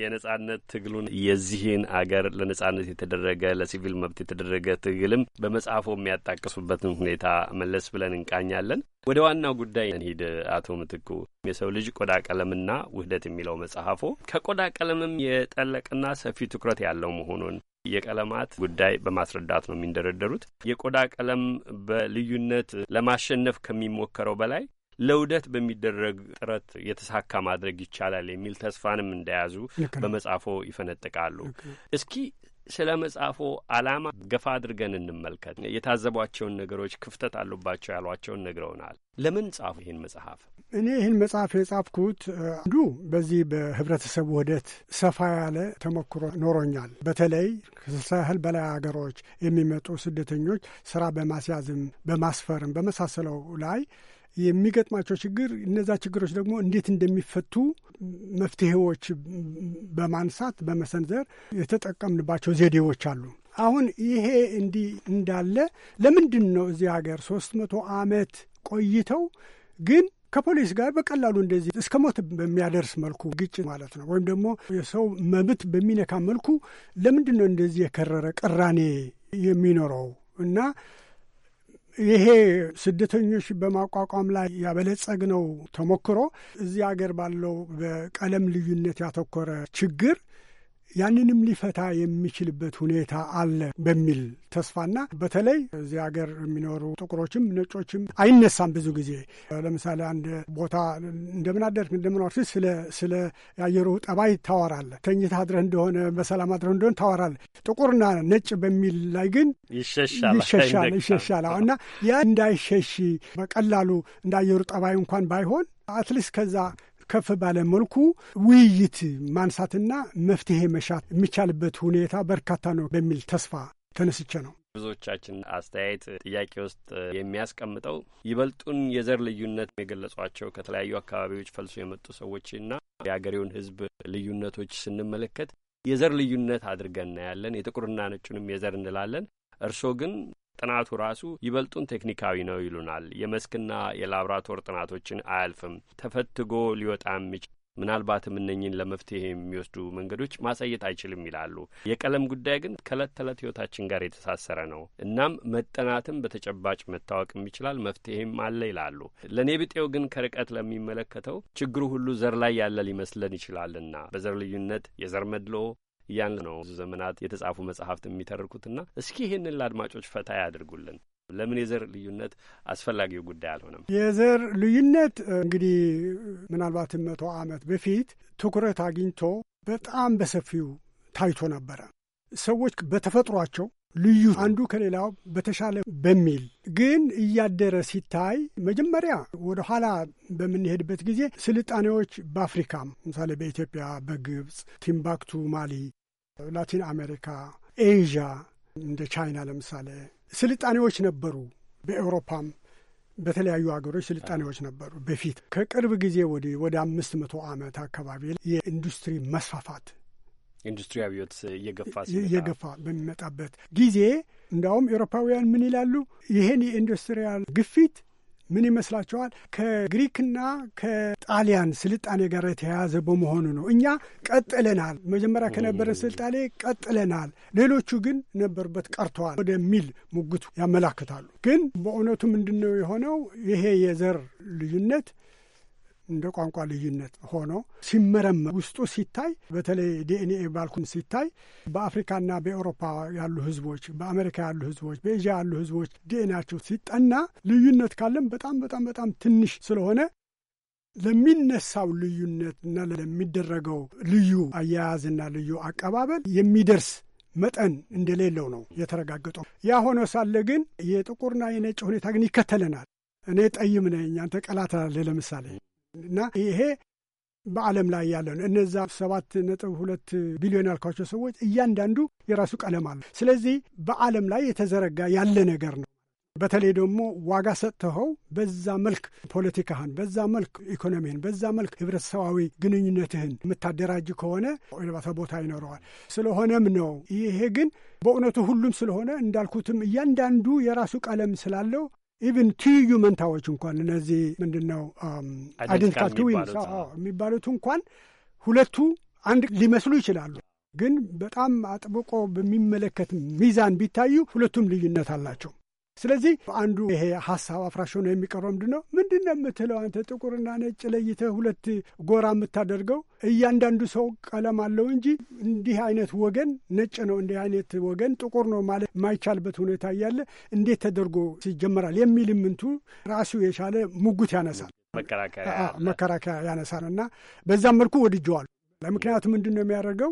የነጻነት ትግሉን የዚህን አገር ለነጻነት የተደረገ ለሲቪል መብት የተደረገ ትግልም በመጽሐፎ የሚያጣቅሱበትን ሁኔታ መለስ ብለን እንቃኛለን። ወደ ዋናው ጉዳይ እንሂድ። አቶ ምትኩ የሰው ልጅ ቆዳ ቀለምና ውህደት የሚለው መጽሐፎ ከቆዳ ቀለምም የጠለቅና ሰፊ ትኩረት ያለው መሆኑን የቀለማት ጉዳይ በማስረዳት ነው የሚንደረደሩት። የቆዳ ቀለም በልዩነት ለማሸነፍ ከሚሞከረው በላይ ለውደት በሚደረግ ጥረት የተሳካ ማድረግ ይቻላል የሚል ተስፋንም እንደያዙ በመጽሐፎ ይፈነጥቃሉ። እስኪ ስለ መጽሐፎ ዓላማ ገፋ አድርገን እንመልከት። የታዘቧቸውን ነገሮች ክፍተት አሉባቸው ያሏቸውን ነግረውናል። ለምን ጻፉ ይህን መጽሐፍ? እኔ ይህን መጽሐፍ የጻፍኩት አንዱ በዚህ በህብረተሰብ ውህደት ሰፋ ያለ ተሞክሮ ኖሮኛል። በተለይ ከስልሳ ያህል በላይ ሀገሮች የሚመጡ ስደተኞች ስራ በማስያዝም በማስፈርም በመሳሰለው ላይ የሚገጥማቸው ችግር እነዛ ችግሮች ደግሞ እንዴት እንደሚፈቱ መፍትሄዎች በማንሳት በመሰንዘር የተጠቀምንባቸው ዘዴዎች አሉ። አሁን ይሄ እንዲህ እንዳለ ለምንድን ነው እዚህ ሀገር ሶስት መቶ አመት ቆይተው ግን ከፖሊስ ጋር በቀላሉ እንደዚህ እስከ ሞት በሚያደርስ መልኩ ግጭት ማለት ነው፣ ወይም ደግሞ የሰው መብት በሚነካ መልኩ ለምንድን ነው እንደዚህ የከረረ ቅራኔ የሚኖረው እና ይሄ ስደተኞች በማቋቋም ላይ ነው ተሞክሮ እዚህ አገር ባለው በቀለም ልዩነት ያተኮረ ችግር ያንንም ሊፈታ የሚችልበት ሁኔታ አለ በሚል ተስፋና በተለይ እዚህ ሀገር የሚኖሩ ጥቁሮችም ነጮችም አይነሳም። ብዙ ጊዜ ለምሳሌ አንድ ቦታ እንደምን አደርክ እንደምን ዋልክ ስለ ስለ የአየሩ ጠባይ ታወራለህ። ተኝታ አድረህ እንደሆነ በሰላም አድረህ እንደሆነ ታወራለህ። ጥቁርና ነጭ በሚል ላይ ግን ይሸሻል ይሸሻል ይሸሻል እና ያ እንዳይሸሽ በቀላሉ እንደ አየሩ ጠባይ እንኳን ባይሆን አትሊስት ከዛ ከፍ ባለ መልኩ ውይይት ማንሳትና መፍትሄ መሻት የሚቻልበት ሁኔታ በርካታ ነው በሚል ተስፋ ተነስቼ ነው። ብዙዎቻችን አስተያየት ጥያቄ ውስጥ የሚያስቀምጠው ይበልጡን የዘር ልዩነት የገለጿቸው ከተለያዩ አካባቢዎች ፈልሶ የመጡ ሰዎችና የአገሬውን ሕዝብ ልዩነቶች ስንመለከት የዘር ልዩነት አድርገን እናያለን። የጥቁርና ነጩንም የዘር እንላለን። እርስዎ ግን ጥናቱ ራሱ ይበልጡን ቴክኒካዊ ነው ይሉናል። የመስክና የላብራቶር ጥናቶችን አያልፍም። ተፈትጎ ሊወጣ የሚችል ምናልባትም እነኝን ለመፍትሄ የሚወስዱ መንገዶች ማሳየት አይችልም ይላሉ። የቀለም ጉዳይ ግን ከእለት ተዕለት ህይወታችን ጋር የተሳሰረ ነው። እናም መጠናትም በተጨባጭ መታወቅም ይችላል፣ መፍትሄም አለ ይላሉ። ለእኔ ብጤው ግን ከርቀት ለሚመለከተው ችግሩ ሁሉ ዘር ላይ ያለ ሊመስለን ይችላልና በዘር ልዩነት የዘር መድሎ እያልን ነው ብዙ ዘመናት የተጻፉ መጽሐፍት የሚተርኩትና እስኪ ይህንን ለአድማጮች ፈታ ያድርጉልን ለምን የዘር ልዩነት አስፈላጊው ጉዳይ አልሆነም? የዘር ልዩነት እንግዲህ ምናልባትም መቶ ዓመት በፊት ትኩረት አግኝቶ በጣም በሰፊው ታይቶ ነበረ። ሰዎች በተፈጥሯቸው ልዩ አንዱ ከሌላው በተሻለ በሚል ግን እያደረ ሲታይ መጀመሪያ ወደ ኋላ በምንሄድበት ጊዜ ስልጣኔዎች በአፍሪካም ምሳሌ በኢትዮጵያ፣ በግብፅ፣ ቲምባክቱ ማሊ ላቲን አሜሪካ፣ ኤዥያ እንደ ቻይና ለምሳሌ ስልጣኔዎች ነበሩ። በኤውሮፓም በተለያዩ ሀገሮች ስልጣኔዎች ነበሩ። በፊት ከቅርብ ጊዜ ወዲህ ወደ አምስት መቶ ዓመት አካባቢ የኢንዱስትሪ መስፋፋት ኢንዱስትሪ አብዮት እየገፋ እየገፋ በሚመጣበት ጊዜ እንዲያውም ኤውሮፓውያን ምን ይላሉ? ይህን የኢንዱስትሪያል ግፊት ምን ይመስላችኋል? ከግሪክና ከጣሊያን ስልጣኔ ጋር የተያያዘ በመሆኑ ነው። እኛ ቀጥለናል፣ መጀመሪያ ከነበረን ስልጣኔ ቀጥለናል፣ ሌሎቹ ግን ነበሩበት ቀርተዋል ወደሚል ሙግቱ ያመላክታሉ። ግን በእውነቱ ምንድን ነው የሆነው? ይሄ የዘር ልዩነት እንደ ቋንቋ ልዩነት ሆኖ ሲመረመር ውስጡ ሲታይ በተለይ ዲኤንኤ ባልኩን ሲታይ በአፍሪካና በኤውሮፓ ያሉ ህዝቦች፣ በአሜሪካ ያሉ ህዝቦች፣ በኤዥያ ያሉ ህዝቦች ዲኤንኤያቸው ሲጠና ልዩነት ካለም በጣም በጣም በጣም ትንሽ ስለሆነ ለሚነሳው ልዩነት እና ለሚደረገው ልዩ አያያዝና ልዩ አቀባበል የሚደርስ መጠን እንደሌለው ነው የተረጋገጠው። ያ ሆኖ ሳለ ግን የጥቁርና የነጭ ሁኔታ ግን ይከተለናል። እኔ ጠይም ነኝ፣ አንተ ቀላ ለምሳሌ እና ይሄ በዓለም ላይ ያለ ነው። እነዛ ሰባት ነጥብ ሁለት ቢሊዮን ያልኳቸው ሰዎች እያንዳንዱ የራሱ ቀለም አለ። ስለዚህ በዓለም ላይ የተዘረጋ ያለ ነገር ነው። በተለይ ደግሞ ዋጋ ሰጥተኸው በዛ መልክ ፖለቲካህን፣ በዛ መልክ ኢኮኖሚህን፣ በዛ መልክ ህብረተሰባዊ ግንኙነትህን የምታደራጅ ከሆነ የባሰ ቦታ ይኖረዋል። ስለሆነም ነው ይሄ ግን በእውነቱ ሁሉም ስለሆነ እንዳልኩትም እያንዳንዱ የራሱ ቀለም ስላለው ኢቭን ትይዩ መንታዎች እንኳን እነዚህ ምንድን ነው አይደንቲካል ትዊንስ የሚባሉት እንኳን ሁለቱ አንድ ሊመስሉ ይችላሉ፣ ግን በጣም አጥብቆ በሚመለከት ሚዛን ቢታዩ ሁለቱም ልዩነት አላቸው። ስለዚህ አንዱ ይሄ ሀሳብ አፍራሽ ሆኖ የሚቀረው ምንድን ነው? ምንድን ነው የምትለው አንተ ጥቁርና ነጭ ለይተህ ሁለት ጎራ የምታደርገው? እያንዳንዱ ሰው ቀለም አለው እንጂ እንዲህ አይነት ወገን ነጭ ነው፣ እንዲህ አይነት ወገን ጥቁር ነው ማለት የማይቻልበት ሁኔታ እያለ እንዴት ተደርጎ ይጀመራል? የሚል ምንቱ ራሱ የቻለ ሙጉት ያነሳል፣ መከራከያ ያነሳል እና በዛም መልኩ ወድጀዋል። ለምክንያቱ ምንድን ነው የሚያደርገው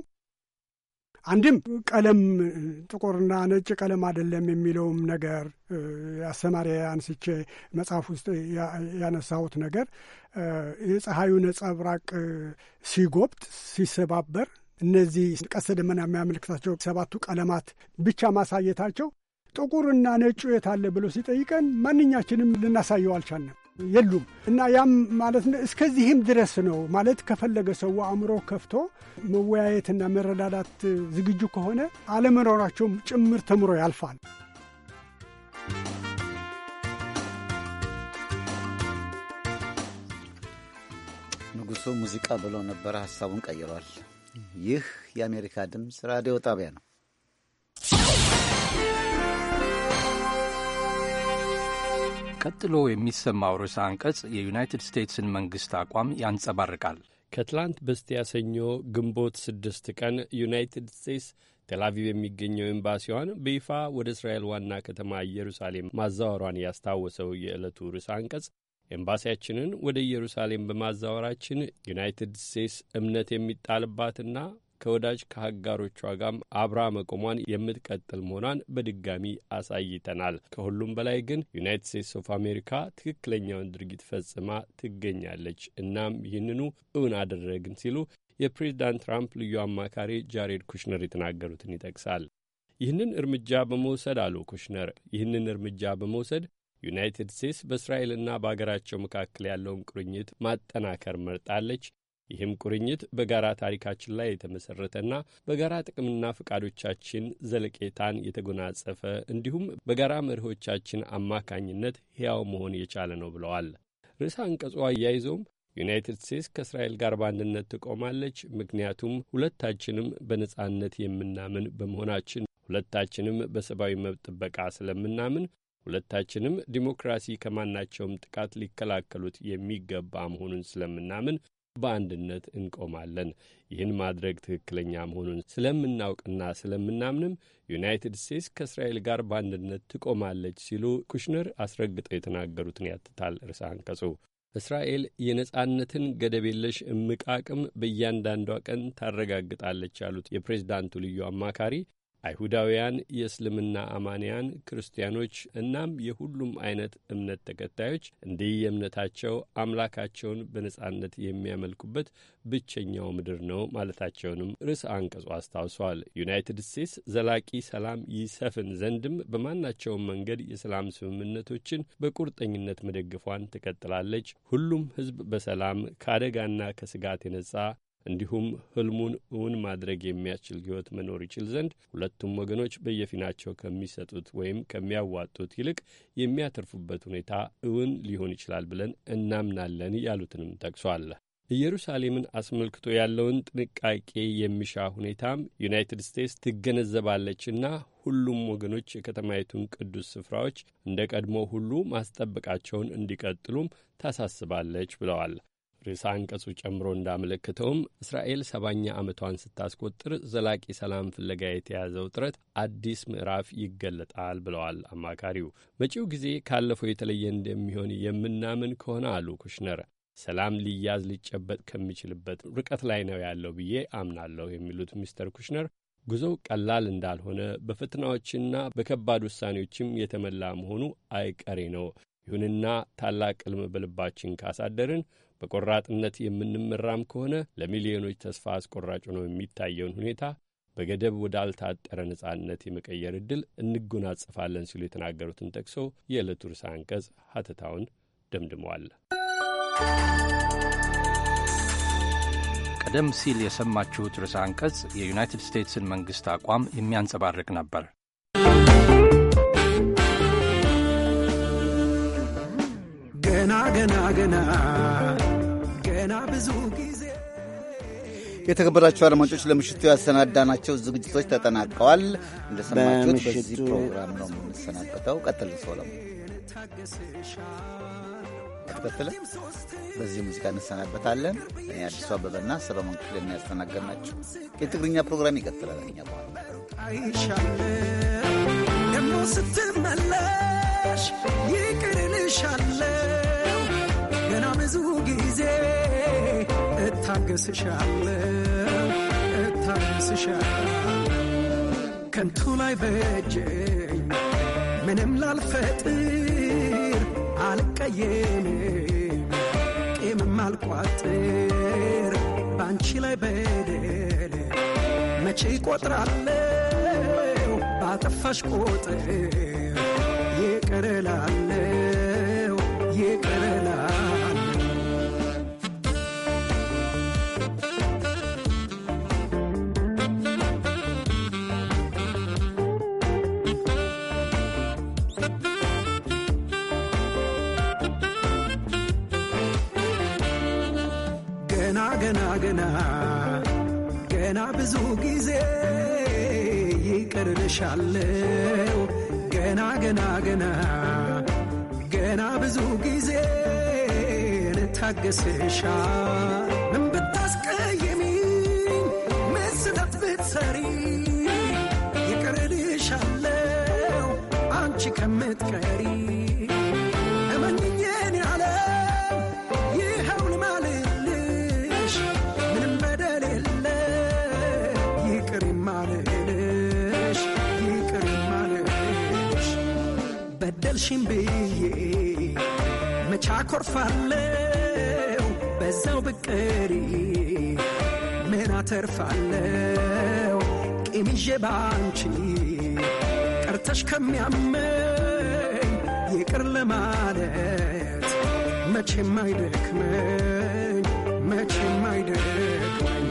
አንድም ቀለም ጥቁርና ነጭ ቀለም አይደለም የሚለውም ነገር አስተማሪ አንስቼ መጽሐፍ ውስጥ ያነሳሁት ነገር የፀሐዩ ነጸብራቅ ሲጎብጥ ሲሰባበር እነዚህ ቀስተ ደመና የሚያመልክታቸው ሰባቱ ቀለማት ብቻ ማሳየታቸው ጥቁርና ነጩ የት አለ ብሎ ሲጠይቀን ማንኛችንም ልናሳየው አልቻለም። የሉም እና ያም ማለት ነው። እስከዚህም ድረስ ነው ማለት ከፈለገ ሰው አእምሮ ከፍቶ መወያየትና መረዳዳት ዝግጁ ከሆነ አለመኖራቸውም ጭምር ተምሮ ያልፋል። ንጉሱ ሙዚቃ ብሎ ነበረ፣ ሀሳቡን ቀይሯል። ይህ የአሜሪካ ድምፅ ራዲዮ ጣቢያ ነው። ቀጥሎ የሚሰማው ርዕሰ አንቀጽ የዩናይትድ ስቴትስን መንግሥት አቋም ያንጸባርቃል። ከትላንት በስቲያ ሰኞ ግንቦት ስድስት ቀን ዩናይትድ ስቴትስ ቴልአቪቭ የሚገኘው ኤምባሲዋን በይፋ ወደ እስራኤል ዋና ከተማ ኢየሩሳሌም ማዛወሯን ያስታወሰው የዕለቱ ርዕሰ አንቀጽ ኤምባሲያችንን ወደ ኢየሩሳሌም በማዛወራችን ዩናይትድ ስቴትስ እምነት የሚጣልባትና ከወዳጅ ከአጋሮቿ ጋርም አብራ መቆሟን የምትቀጥል መሆኗን በድጋሚ አሳይተናል። ከሁሉም በላይ ግን ዩናይትድ ስቴትስ ኦፍ አሜሪካ ትክክለኛውን ድርጊት ፈጽማ ትገኛለች። እናም ይህንኑ እውን አደረግን ሲሉ የፕሬዚዳንት ትራምፕ ልዩ አማካሪ ጃሬድ ኩሽነር የተናገሩትን ይጠቅሳል። ይህንን እርምጃ በመውሰድ አሉ ኩሽነር፣ ይህንን እርምጃ በመውሰድ ዩናይትድ ስቴትስ በእስራኤልና በአገራቸው መካከል ያለውን ቁርኝት ማጠናከር መርጣለች። ይህም ቁርኝት በጋራ ታሪካችን ላይ የተመሠረተና በጋራ ጥቅምና ፈቃዶቻችን ዘለቄታን የተጎናጸፈ እንዲሁም በጋራ መርሆቻችን አማካኝነት ሕያው መሆን የቻለ ነው ብለዋል። ርዕሰ አንቀጹ አያይዞም ዩናይትድ ስቴትስ ከእስራኤል ጋር በአንድነት ትቆማለች፣ ምክንያቱም ሁለታችንም በነጻነት የምናምን በመሆናችን፣ ሁለታችንም በሰብአዊ መብት ጥበቃ ስለምናምን፣ ሁለታችንም ዲሞክራሲ ከማናቸውም ጥቃት ሊከላከሉት የሚገባ መሆኑን ስለምናምን በአንድነት እንቆማለን። ይህን ማድረግ ትክክለኛ መሆኑን ስለምናውቅና ስለምናምንም ዩናይትድ ስቴትስ ከእስራኤል ጋር በአንድነት ትቆማለች ሲሉ ኩሽነር አስረግጠው የተናገሩትን ያትታል ርዕሰ አንቀጹ። እስራኤል የነጻነትን ገደብ የለሽ እምቅ አቅም በእያንዳንዷ ቀን ታረጋግጣለች ያሉት የፕሬዝዳንቱ ልዩ አማካሪ አይሁዳውያን፣ የእስልምና አማንያን፣ ክርስቲያኖች እናም የሁሉም አይነት እምነት ተከታዮች እንዲህ የእምነታቸው አምላካቸውን በነጻነት የሚያመልኩበት ብቸኛው ምድር ነው ማለታቸውንም ርዕሰ አንቀጹ አስታውሷል። ዩናይትድ ስቴትስ ዘላቂ ሰላም ይሰፍን ዘንድም በማናቸውም መንገድ የሰላም ስምምነቶችን በቁርጠኝነት መደግፏን ትቀጥላለች። ሁሉም ሕዝብ በሰላም ከአደጋና ከስጋት የነጻ እንዲሁም ህልሙን እውን ማድረግ የሚያስችል ህይወት መኖር ይችል ዘንድ ሁለቱም ወገኖች በየፊናቸው ከሚሰጡት ወይም ከሚያዋጡት ይልቅ የሚያተርፉበት ሁኔታ እውን ሊሆን ይችላል ብለን እናምናለን ያሉትንም ጠቅሷል። ኢየሩሳሌምን አስመልክቶ ያለውን ጥንቃቄ የሚሻ ሁኔታም ዩናይትድ ስቴትስ ትገነዘባለችና ሁሉም ወገኖች የከተማይቱን ቅዱስ ስፍራዎች እንደ ቀድሞ ሁሉ ማስጠበቃቸውን እንዲቀጥሉም ታሳስባለች ብለዋል። ርዕሰ አንቀጹ ጨምሮ እንዳመለከተውም እስራኤል ሰባኛ ዓመቷን ስታስቆጥር ዘላቂ ሰላም ፍለጋ የተያዘው ጥረት አዲስ ምዕራፍ ይገለጣል ብለዋል አማካሪው። መጪው ጊዜ ካለፈው የተለየ እንደሚሆን የምናምን ከሆነ አሉ ኩሽነር፣ ሰላም ሊያዝ ሊጨበጥ ከሚችልበት ርቀት ላይ ነው ያለው ብዬ አምናለሁ የሚሉት ሚስተር ኩሽነር ጉዞው ቀላል እንዳልሆነ በፈተናዎችና በከባድ ውሳኔዎችም የተሞላ መሆኑ አይቀሬ ነው። ይሁንና ታላቅ ቅልም በልባችን ካሳደርን በቆራጥነት የምንመራም ከሆነ ለሚሊዮኖች ተስፋ አስቆራጭ ነው የሚታየውን ሁኔታ በገደብ ወዳልታጠረ ነጻነት የመቀየር ዕድል እንጎናጸፋለን ሲሉ የተናገሩትን ጠቅሶ የዕለቱ ርዕሰ አንቀጽ ሀተታውን ደምድመዋል። ቀደም ሲል የሰማችሁት ርዕሰ አንቀጽ የዩናይትድ ስቴትስን መንግሥት አቋም የሚያንጸባርቅ ነበር። ገና ገና ገና ገና ብዙ ጊዜ የተከበራችሁ አድማጮች ለምሽቱ ያሰናዳናቸው ዝግጅቶች ተጠናቀዋል። እንደሰማችሁት በዚህ ፕሮግራም ነው የምንሰናበተው። ቀጥል ሰለሙ ቀጥለ በዚህ ሙዚቃ እንሰናበታለን። እኔ አዲሱ አበበና ሰለሞን ክፍል ናቸው። የትግርኛ ፕሮግራም ይቀጥላል። እኛ በኋላ ደግሞ ስትመለሽ ይቅርልሻለ ብዙ ጊዜ እታገስሻለሁ ከንቱ ላይ በጀኝ ምንም ላልፈጥር አልቀየምም ቂምም አልቋጥር በአንቺ ላይ በደል መቼ ባጠፋሽ ቁጥር ገና ገና ገና ገና ብዙ ጊዜ ይቅርልሻለው ገና ገና ገና ገና ብዙ ጊዜ ልታገስሻ ምን አልወደድሽም ብዬ መቻ ኮርፋለው በዛው ብቅሪ ምን አተርፋለው ቂም ይዤ ባንቺ ቀርተሽ ከሚያመኝ ይቅር ለማለት መቼም አይደክመኝ መቼም አይደክመኝ